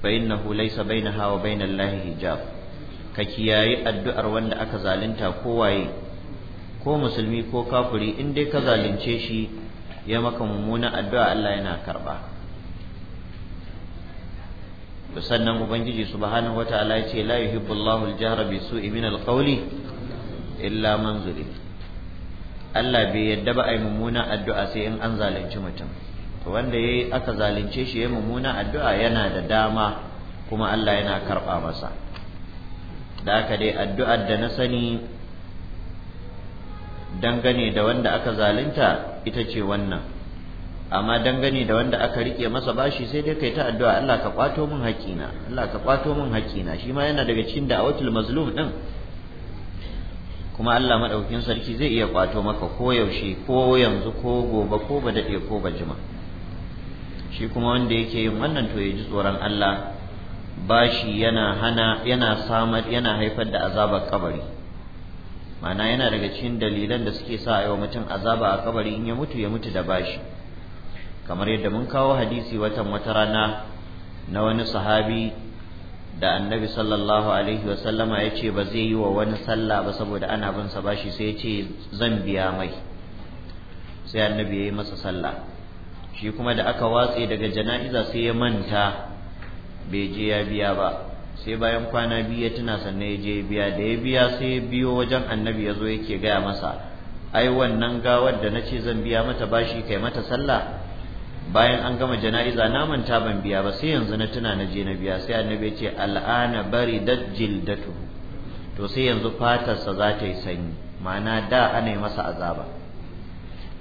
fa innahu laysa bainaha wa bainal lahi hijab ka kiyaye addu'ar wanda aka zalunta ko waye ko musulmi ko kafiri in dai ka zalunce shi ya maka mummuna addu'a Allah yana karba to sannan ubangiji subhanahu wataala ya ce la yuhibbu Allahu al-jahra bi su'i min al-qawli illa man zulim Allah bai yadda ba ai mummuna addu'a sai in an zalunci mutum to wanda yayi aka zalunce shi yayi mummuna addu'a yana da dama kuma Allah yana karba masa da haka dai addu'ar da na sani dangane da wanda aka zalunta ita ce wannan amma dangane da wanda aka rike masa bashi sai dai kai ta addu'a Allah ka kwato min haƙina Allah ka kwato min haƙina shi ma yana daga cikin da'awatul mazlum din kuma Allah madaukakin sarki zai iya kwato maka ko yaushe ko yanzu ko gobe ko ba da ko ba jima shi kuma wanda yake yin wannan to ya ji tsoron Allah bashi yana hana yana samar yana haifar da azabar kabari ma'ana yana daga cikin dalilan da suke sa a yi mutum azaba a kabari in ya mutu ya mutu da bashi kamar yadda mun kawo hadisi watan wata rana na wani sahabi da annabi sallallahu alaihi wasallama ya ce ba zai yi wa wani sallah ba saboda ana bin sa bashi sai ya ce zan biya mai sai annabi ya yi masa sallah shi kuma da aka watse daga jana'iza sai ya manta bai je ya biya ba sai bayan kwana biyu ya tuna sannan ya je ya biya da ya biya sai ya biyo wajen annabi ya zo yake gaya masa ai wannan gawar da na ce zan biya mata bashi kai mata sallah bayan an gama jana'iza na manta ban biya ba sai yanzu na tuna na je na biya sai annabi ya ce al'ana bari jildatu to sai yanzu fatarsa za ta yi sanyi ma'ana da ana yi masa azaba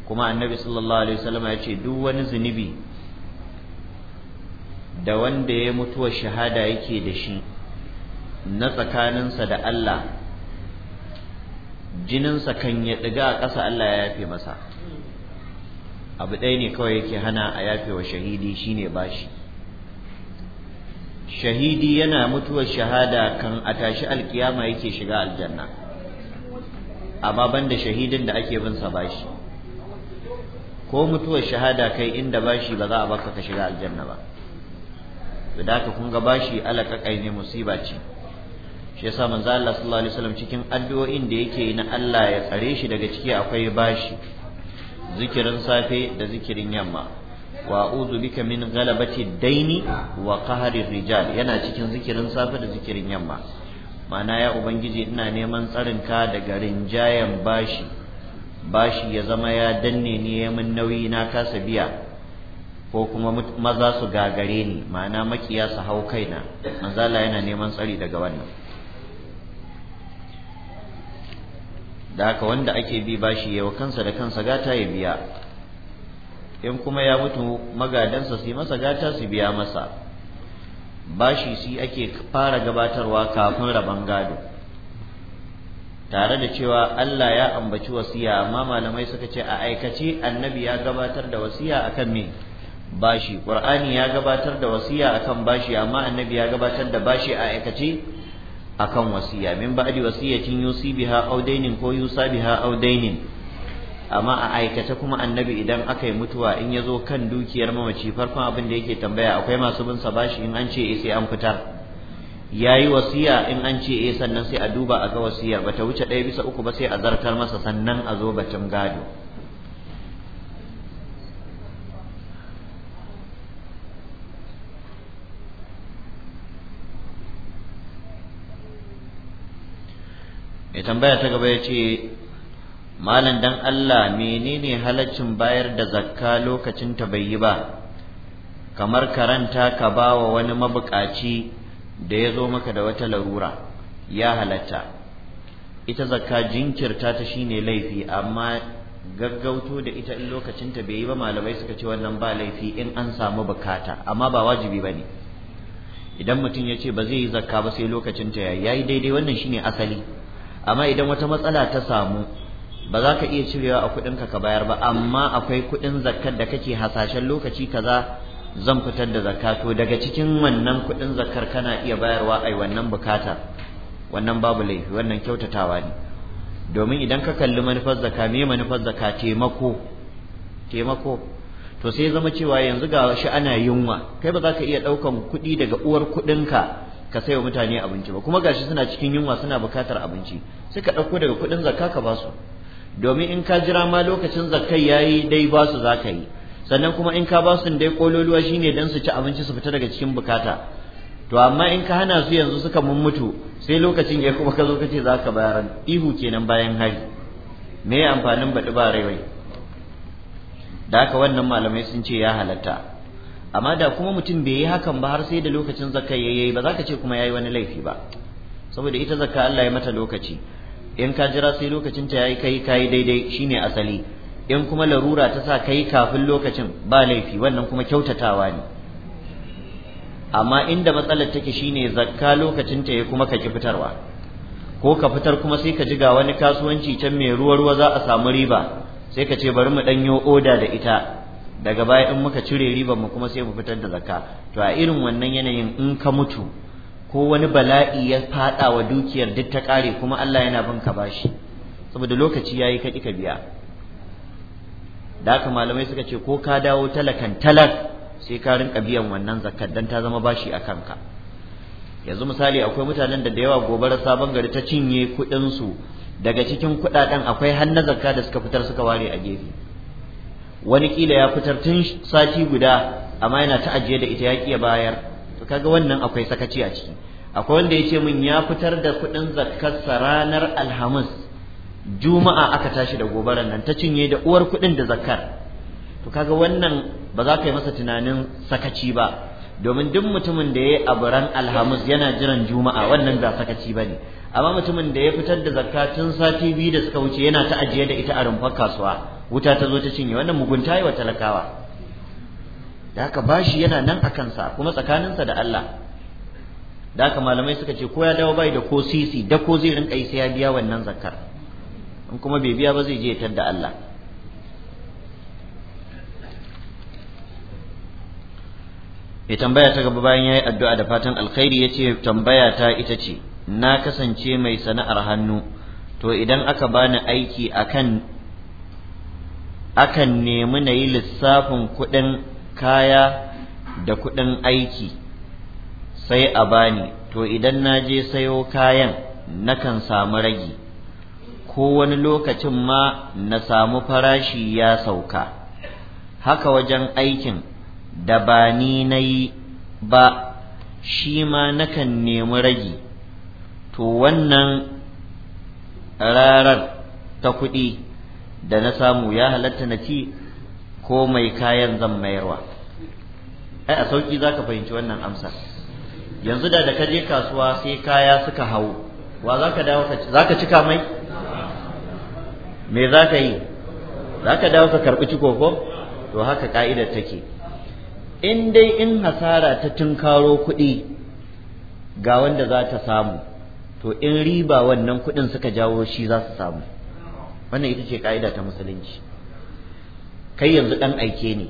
kuma annabi sallallahu alaihi wasallam ya ce duk wani zunubi da wanda ya mutuwa shahada yake da shi na tsakaninsa da Allah jininsa kan ya ɗiga a ƙasa Allah ya yafe masa abu ɗaya ne kawai yake hana a yafe wa shahidi shine bashi shahidi yana mutuwar shahada kan a tashi alkiyama yake shiga aljanna amma da shahidin da ake bin sa bashi ko mutuwar shahada kai inda bashi ba za a baka ka shiga aljanna ba da haka kun ga bashi alaka kai ne musiba ce shi yasa manzo Allah sallallahu alaihi wasallam cikin addu'o'in da yake yi na Allah ya tsare shi daga ciki akwai bashi zikirin safe da zikirin yamma wa a'udhu bika min ghalabati daini wa qahri rijal yana cikin zikirin safe da zikirin yamma ma'ana ya ubangiji ina neman tsarin ka daga rinjayen bashi bashi ya zama ya danne ni ya min nauyi na kasa biya ko kuma maza su gagare ni ma'ana makiya su hau kaina manzala yana neman tsari daga wannan da haka wanda ake bi bashi yawa kansa da kansa gata ya biya in kuma ya mutu magadansa su yi masa gata su biya masa bashi shi ake fara gabatarwa kafin rabon gado tare da cewa Allah ya ambaci wasiya amma malamai suka ce a aikace annabi ya gabatar da wasiya akan me bashi qur'ani ya gabatar da wasiya akan bashi amma annabi ya gabatar da bashi a aikace akan wasiya min ba'di wasiyatin yusi biha aw dainin ko yusa biha aw dainin amma a aikata kuma annabi idan aka yi mutuwa in ya zo kan dukiyar mamaci farkon abin da yake tambaya akwai masu bin sa bashi in an ce eh sai an fitar yayi wasiya in an ce eh sannan sai a duba a ga wasiyar bata wuce ɗaya bisa uku ba sai a zartar masa sannan a zo batun gado mai tambaya ta gaba ya ce malam dan Allah menene halaccin bayar da zakka lokacin ta bai yi ba kamar karanta ka ba wa wani mabukaci da ya zo maka da wata larura ya halatta ita zakka jinkirta ta shine laifi amma gaggauto da ita in lokacin ta bai yi ba malamai suka ce wannan ba laifi in an samu bukata amma ba wajibi bane idan mutum ya ce ba zai yi zakka ba sai lokacin ta yayi daidai wannan shine asali amma idan wata matsala ta samu ba za ka iya cirewa a kuɗinka ka bayar ba amma akwai kuɗin zakkar da kake hasashen lokaci kaza zan fitar da zakka to daga cikin wannan kuɗin zakkar kana iya bayarwa ai wannan bukata wannan babu laifi wannan kyautatawa ne domin idan ka kalli manufar zakka me manufar zakka taimako taimako to sai zama cewa yanzu ga shi ana yunwa kai ba za ka iya ɗaukan kuɗi daga uwar kuɗinka ka sayo mutane abinci ba kuma gashi suna cikin yunwa suna bukatar abinci sai ka ɗauko daga kuɗin zakka ka ba su domin in ka jira ma lokacin zakkai yayi dai ba su za ka yi sannan kuma in ka ba su dai kololuwa shine dan su ci abinci su fita daga cikin bukata to amma in ka hana su yanzu suka mummutu sai lokacin ya kuma ka zo kace za ka bayar ihu kenan bayan hari me amfanin baɗi ba rai da haka wannan malamai sun ce ya halatta amma da kuma mutum bai yi hakan ba har sai da lokacin zakka yi ba za ka ce kuma ya yi wani laifi ba saboda ita zakka Allah ya mata lokaci in ka jira sai lokacin ta yayi kai kai daidai shine asali in kuma larura ta sa kai kafin lokacin ba laifi wannan kuma kyautatawa ne amma inda matsalar take shine zakka lokacin ta ya kuma ka ki fitarwa ko ka fitar kuma sai ka ji ga wani kasuwanci can mai ruwa ruwa za a samu riba sai ka ce bari mu danyo oda da ita daga baya in muka cire riban mu kuma sai mu fitar da zakka to a irin wannan yanayin in ka mutu ko wani bala'i ya fada wa dukiyar duk ta kare kuma Allah yana bin ka bashi saboda lokaci yayi ka ka biya da haka malamai suka ce ko ka dawo talakan talak sai ka rinka biyan wannan zakkar dan ta zama bashi a kanka yanzu misali akwai mutanen da da yawa gobarar sabon gari ta cinye kuɗinsu daga cikin kuɗaɗen akwai har na zakka da suka fitar suka ware a gefe wani kila ya fitar tun sati guda amma yana ta ajiye da ita ya bayar to kaga wannan akwai sakaci a ciki akwai wanda ya ce min ya fitar da kuɗin zakkarsa ranar alhamis juma'a aka tashi da gobarar nan ta cinye da uwar kuɗin da zakkar to kaga wannan ba za ka yi masa tunanin sakaci ba domin duk mutumin da ya yi alhamis yana jiran juma'a wannan ba sakaci ba ne amma mutumin da ya fitar da zakka tun sati biyu da suka wuce yana ta ajiye da ita a rumfar kasuwa wuta ta zo ta cinye wannan mugunta yi wa talakawa da haka bashi yana nan a kansa kuma tsakaninsa da Allah da haka malamai suka ce ko ya dawo bai da ko sisi da ko zai rinka yi ya biya wannan zakar in kuma bai biya ba zai je ya da Allah ya tambaya ta gaba bayan ya yi addu'a da fatan alkhairi ce tambaya ta ita ce na kasance mai sana'ar hannu to idan aka bani aiki akan akan nemi na yi lissafin kuɗin kaya da kuɗin aiki sai a bani to idan na je sayo kayan nakan samu ragi ko wani lokacin ma na samu farashi ya sauka haka wajen aikin da ba ni na yi ba shi ma nakan nemi ragi to wannan rarar ta kuɗi da na samu ya halatta na ci ko mai kayan zan mayarwa ai a sauki ka fahimci wannan amsa yanzu da da ka je kasuwa sai kaya suka hau wa ka dawo ka cika mai me za ka yi Za ka dawo ka karɓi ciko ko to haka ka'idar take in dai in hasara ta tunkaro kuɗi ga wanda za ta samu to in riba wannan kuɗin suka jawo shi za su samu wannan ita ce ka'ida ta musulunci kai yanzu dan aike ne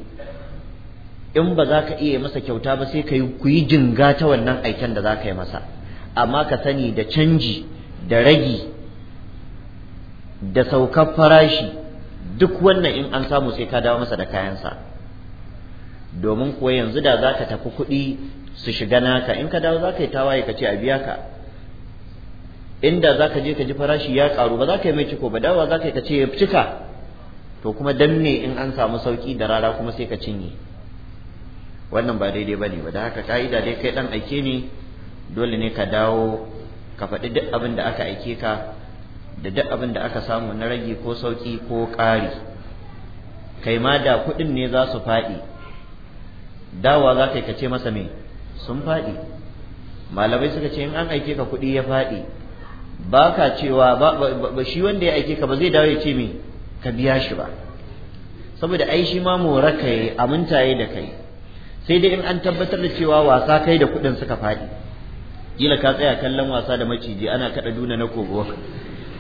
in ba za ka iya masa kyauta ba sai ka yi ku yi jinga ta wannan aiken da za ka yi masa amma ka sani da canji da ragi da saukar farashi duk wannan in an samu sai ka dawo masa da kayansa domin kuwa yanzu da za ka tafi kuɗi su shiga naka in ka dawo za ka yi tawaye ka ce a biya ka inda za ka je ka ji farashi ya karu ba za ka yi mai ciko ba dawa za ka yi ka ce ya cika to kuma dan ne in an samu sauki da rara kuma sai ka cinye wannan ba daidai ba ne ba da haka ka'ida dai kai dan aike ne dole ne ka dawo ka faɗi duk abin da aka aike ka da duk abin da aka samu na rage ko sauki ko ƙari kai ma da kuɗin ne za su faɗi dawa za ka yi ka ce masa me sun faɗi malamai suka ce in an aike ka kuɗi ya faɗi ba ka cewa ba shi wanda ya aike ka ba zai dawo ya ce ka biya shi ba saboda ai shi ma mora ka yi aminta da kai sai dai in an tabbatar da cewa wasa kai da kuɗin suka faɗi kila ka tsaya kallon wasa da maciji ana kaɗa duna na kogo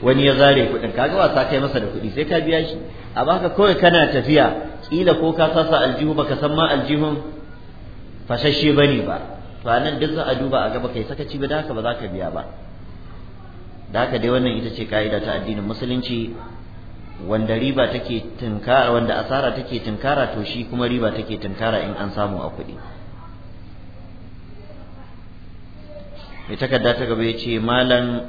wani ya zare kuɗin kaga wasa kai masa da kuɗi sai ka biya shi a baka kawai kana tafiya kila ko ka sasa aljihu baka san ma aljihun fasashe bane ba to nan duk za a duba a gaba kai sakaci ba da haka ba za ka biya ba da haka dai wannan ita ce ka'ida ta addinin musulunci wanda riba take tunkara wanda asara take tunkara to shi kuma riba take tunkara in an samu a kuɗi mai takarda ta gaba ya ce malam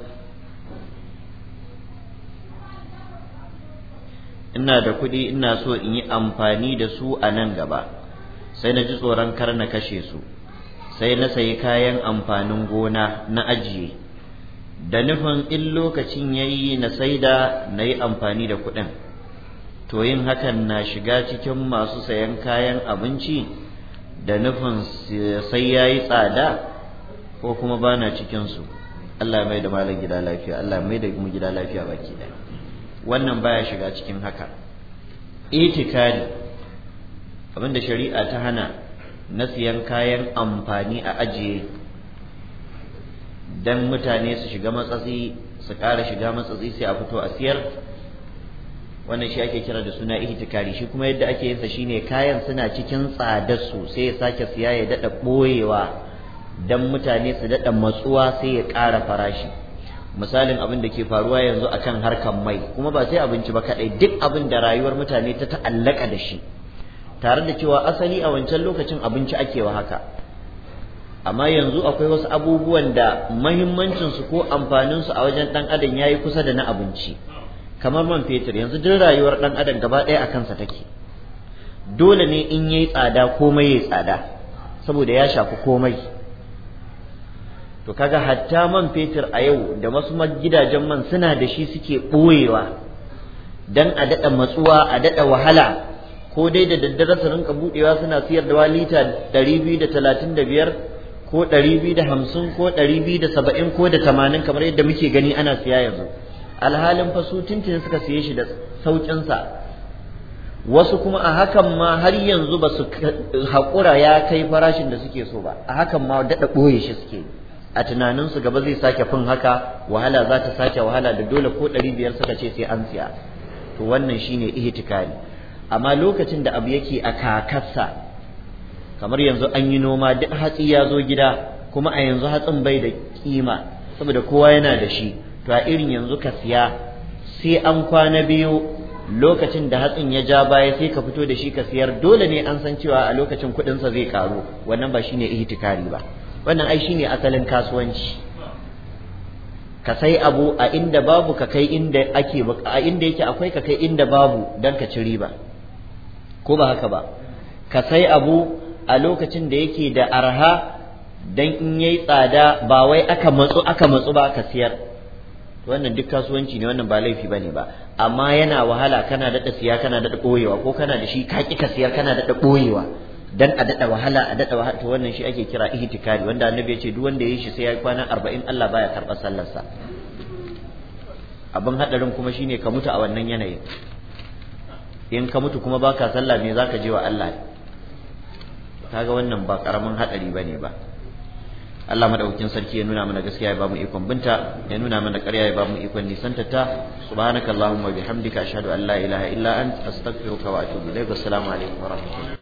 ina da kuɗi ina so in yi amfani da su a nan gaba sai na ji tsoron kar na kashe su sai na sayi kayan amfanin gona na ajiye da nufin in lokacin ya yi na saida na yi amfani da kuɗin to yin hakan na shiga cikin masu sayan kayan abinci da nufin sai ya yi tsada ko kuma ba na cikinsu Allah mai da malar gida lafiya Allah mai da mu gida lafiya baki ɗaya wannan baya shiga cikin haka itikadi abinda shari'a ta hana na siyan kayan amfani a ajiye dan mutane su shiga matsatsi su ƙara shiga matsatsi sai a fito a siyar wannan shi ake kira da suna ihtikari shi kuma yadda ake yinsa shine kayan suna cikin tsadar su sai ya sake siya ya dada boyewa dan mutane su dada matsuwa sai ya ƙara farashi misalin abin da ke faruwa yanzu akan harkar mai kuma ba sai abinci ba kaɗai, duk abin da rayuwar mutane ta ta'allaka da shi tare da cewa asali a wancan lokacin abinci ake wa haka amma yanzu akwai wasu abubuwan da mahimmancinsu ko amfaninsu a wajen ɗan adam ya yi kusa da na abinci kamar man fetur yanzu duk rayuwar ɗan adam gaba ɗaya a kansa take dole ne in yayi tsada komai yayi tsada saboda ya shafi komai to kaga hatta man fetur a yau da wasu gidajen man suna da shi suke ɓoyewa dan a daɗa matsuwa a daɗa wahala ko dai da daddare su rinka buɗewa suna siyar da lita ɗari biyu da talatin da biyar ko ɗari biyu da hamsin ko ɗari biyu da saba'in ko da tamanin kamar yadda muke gani ana siya yanzu alhalin fa su tintin suka siye shi da sauƙinsa wasu kuma a hakan ma har yanzu ba su haƙura ya kai farashin da suke so ba a hakan ma daɗa ɓoye shi suke a tunaninsu gaba zai sake fin haka wahala za ta sake wahala da dole ko ɗari biyar suka ce sai an siya to wannan shine ihtikari amma lokacin da abu yake a kakarsa kamar yanzu an yi noma duk hatsi ya zo gida kuma a yanzu hatsin bai da kima saboda kowa yana da shi to a irin yanzu ka siya sai an kwana biyu lokacin da hatsin ya ja baya sai ka fito da shi ka siyar dole ne an san cewa a lokacin kuɗinsa zai karu wannan ba shine ihtikari ba wannan ai shine asalin kasuwanci ka sai abu a inda babu ka kai inda ake a inda yake akwai ka kai inda babu dan ka ci riba ko ba haka ba ka sai abu a lokacin da yake da arha dan in yayi tsada ba wai aka matsu aka matsu ba ka siyar wannan duk kasuwanci ne wannan ba laifi bane ba amma yana wahala kana daɗa siya kana daɗa ɓoyewa ko kana da shi ka ƙi ka siyar kana daɗa ɓoyewa dan a daɗa wahala a daɗa wahala to wannan shi ake kira ihtikari wanda annabi ya ce duk wanda ya yi shi sai ya kwana arba'in Allah baya karɓar sallarsa abin haɗarin kuma shine ka mutu a wannan yanayin in ka mutu kuma baka sallah me zaka je wa Allah kaga wannan ba karamin hadari bane ba Allah madaukakin sarki ya nuna mana gaskiya ya ba mu ikon binta ya nuna mana ƙarya ya ba mu ikon nisanta ta subhanakallahumma bihamdika ashhadu an la ilaha illa anta astaghfiruka wa atubu ilaik assalamu alaikum wa rahmatullahi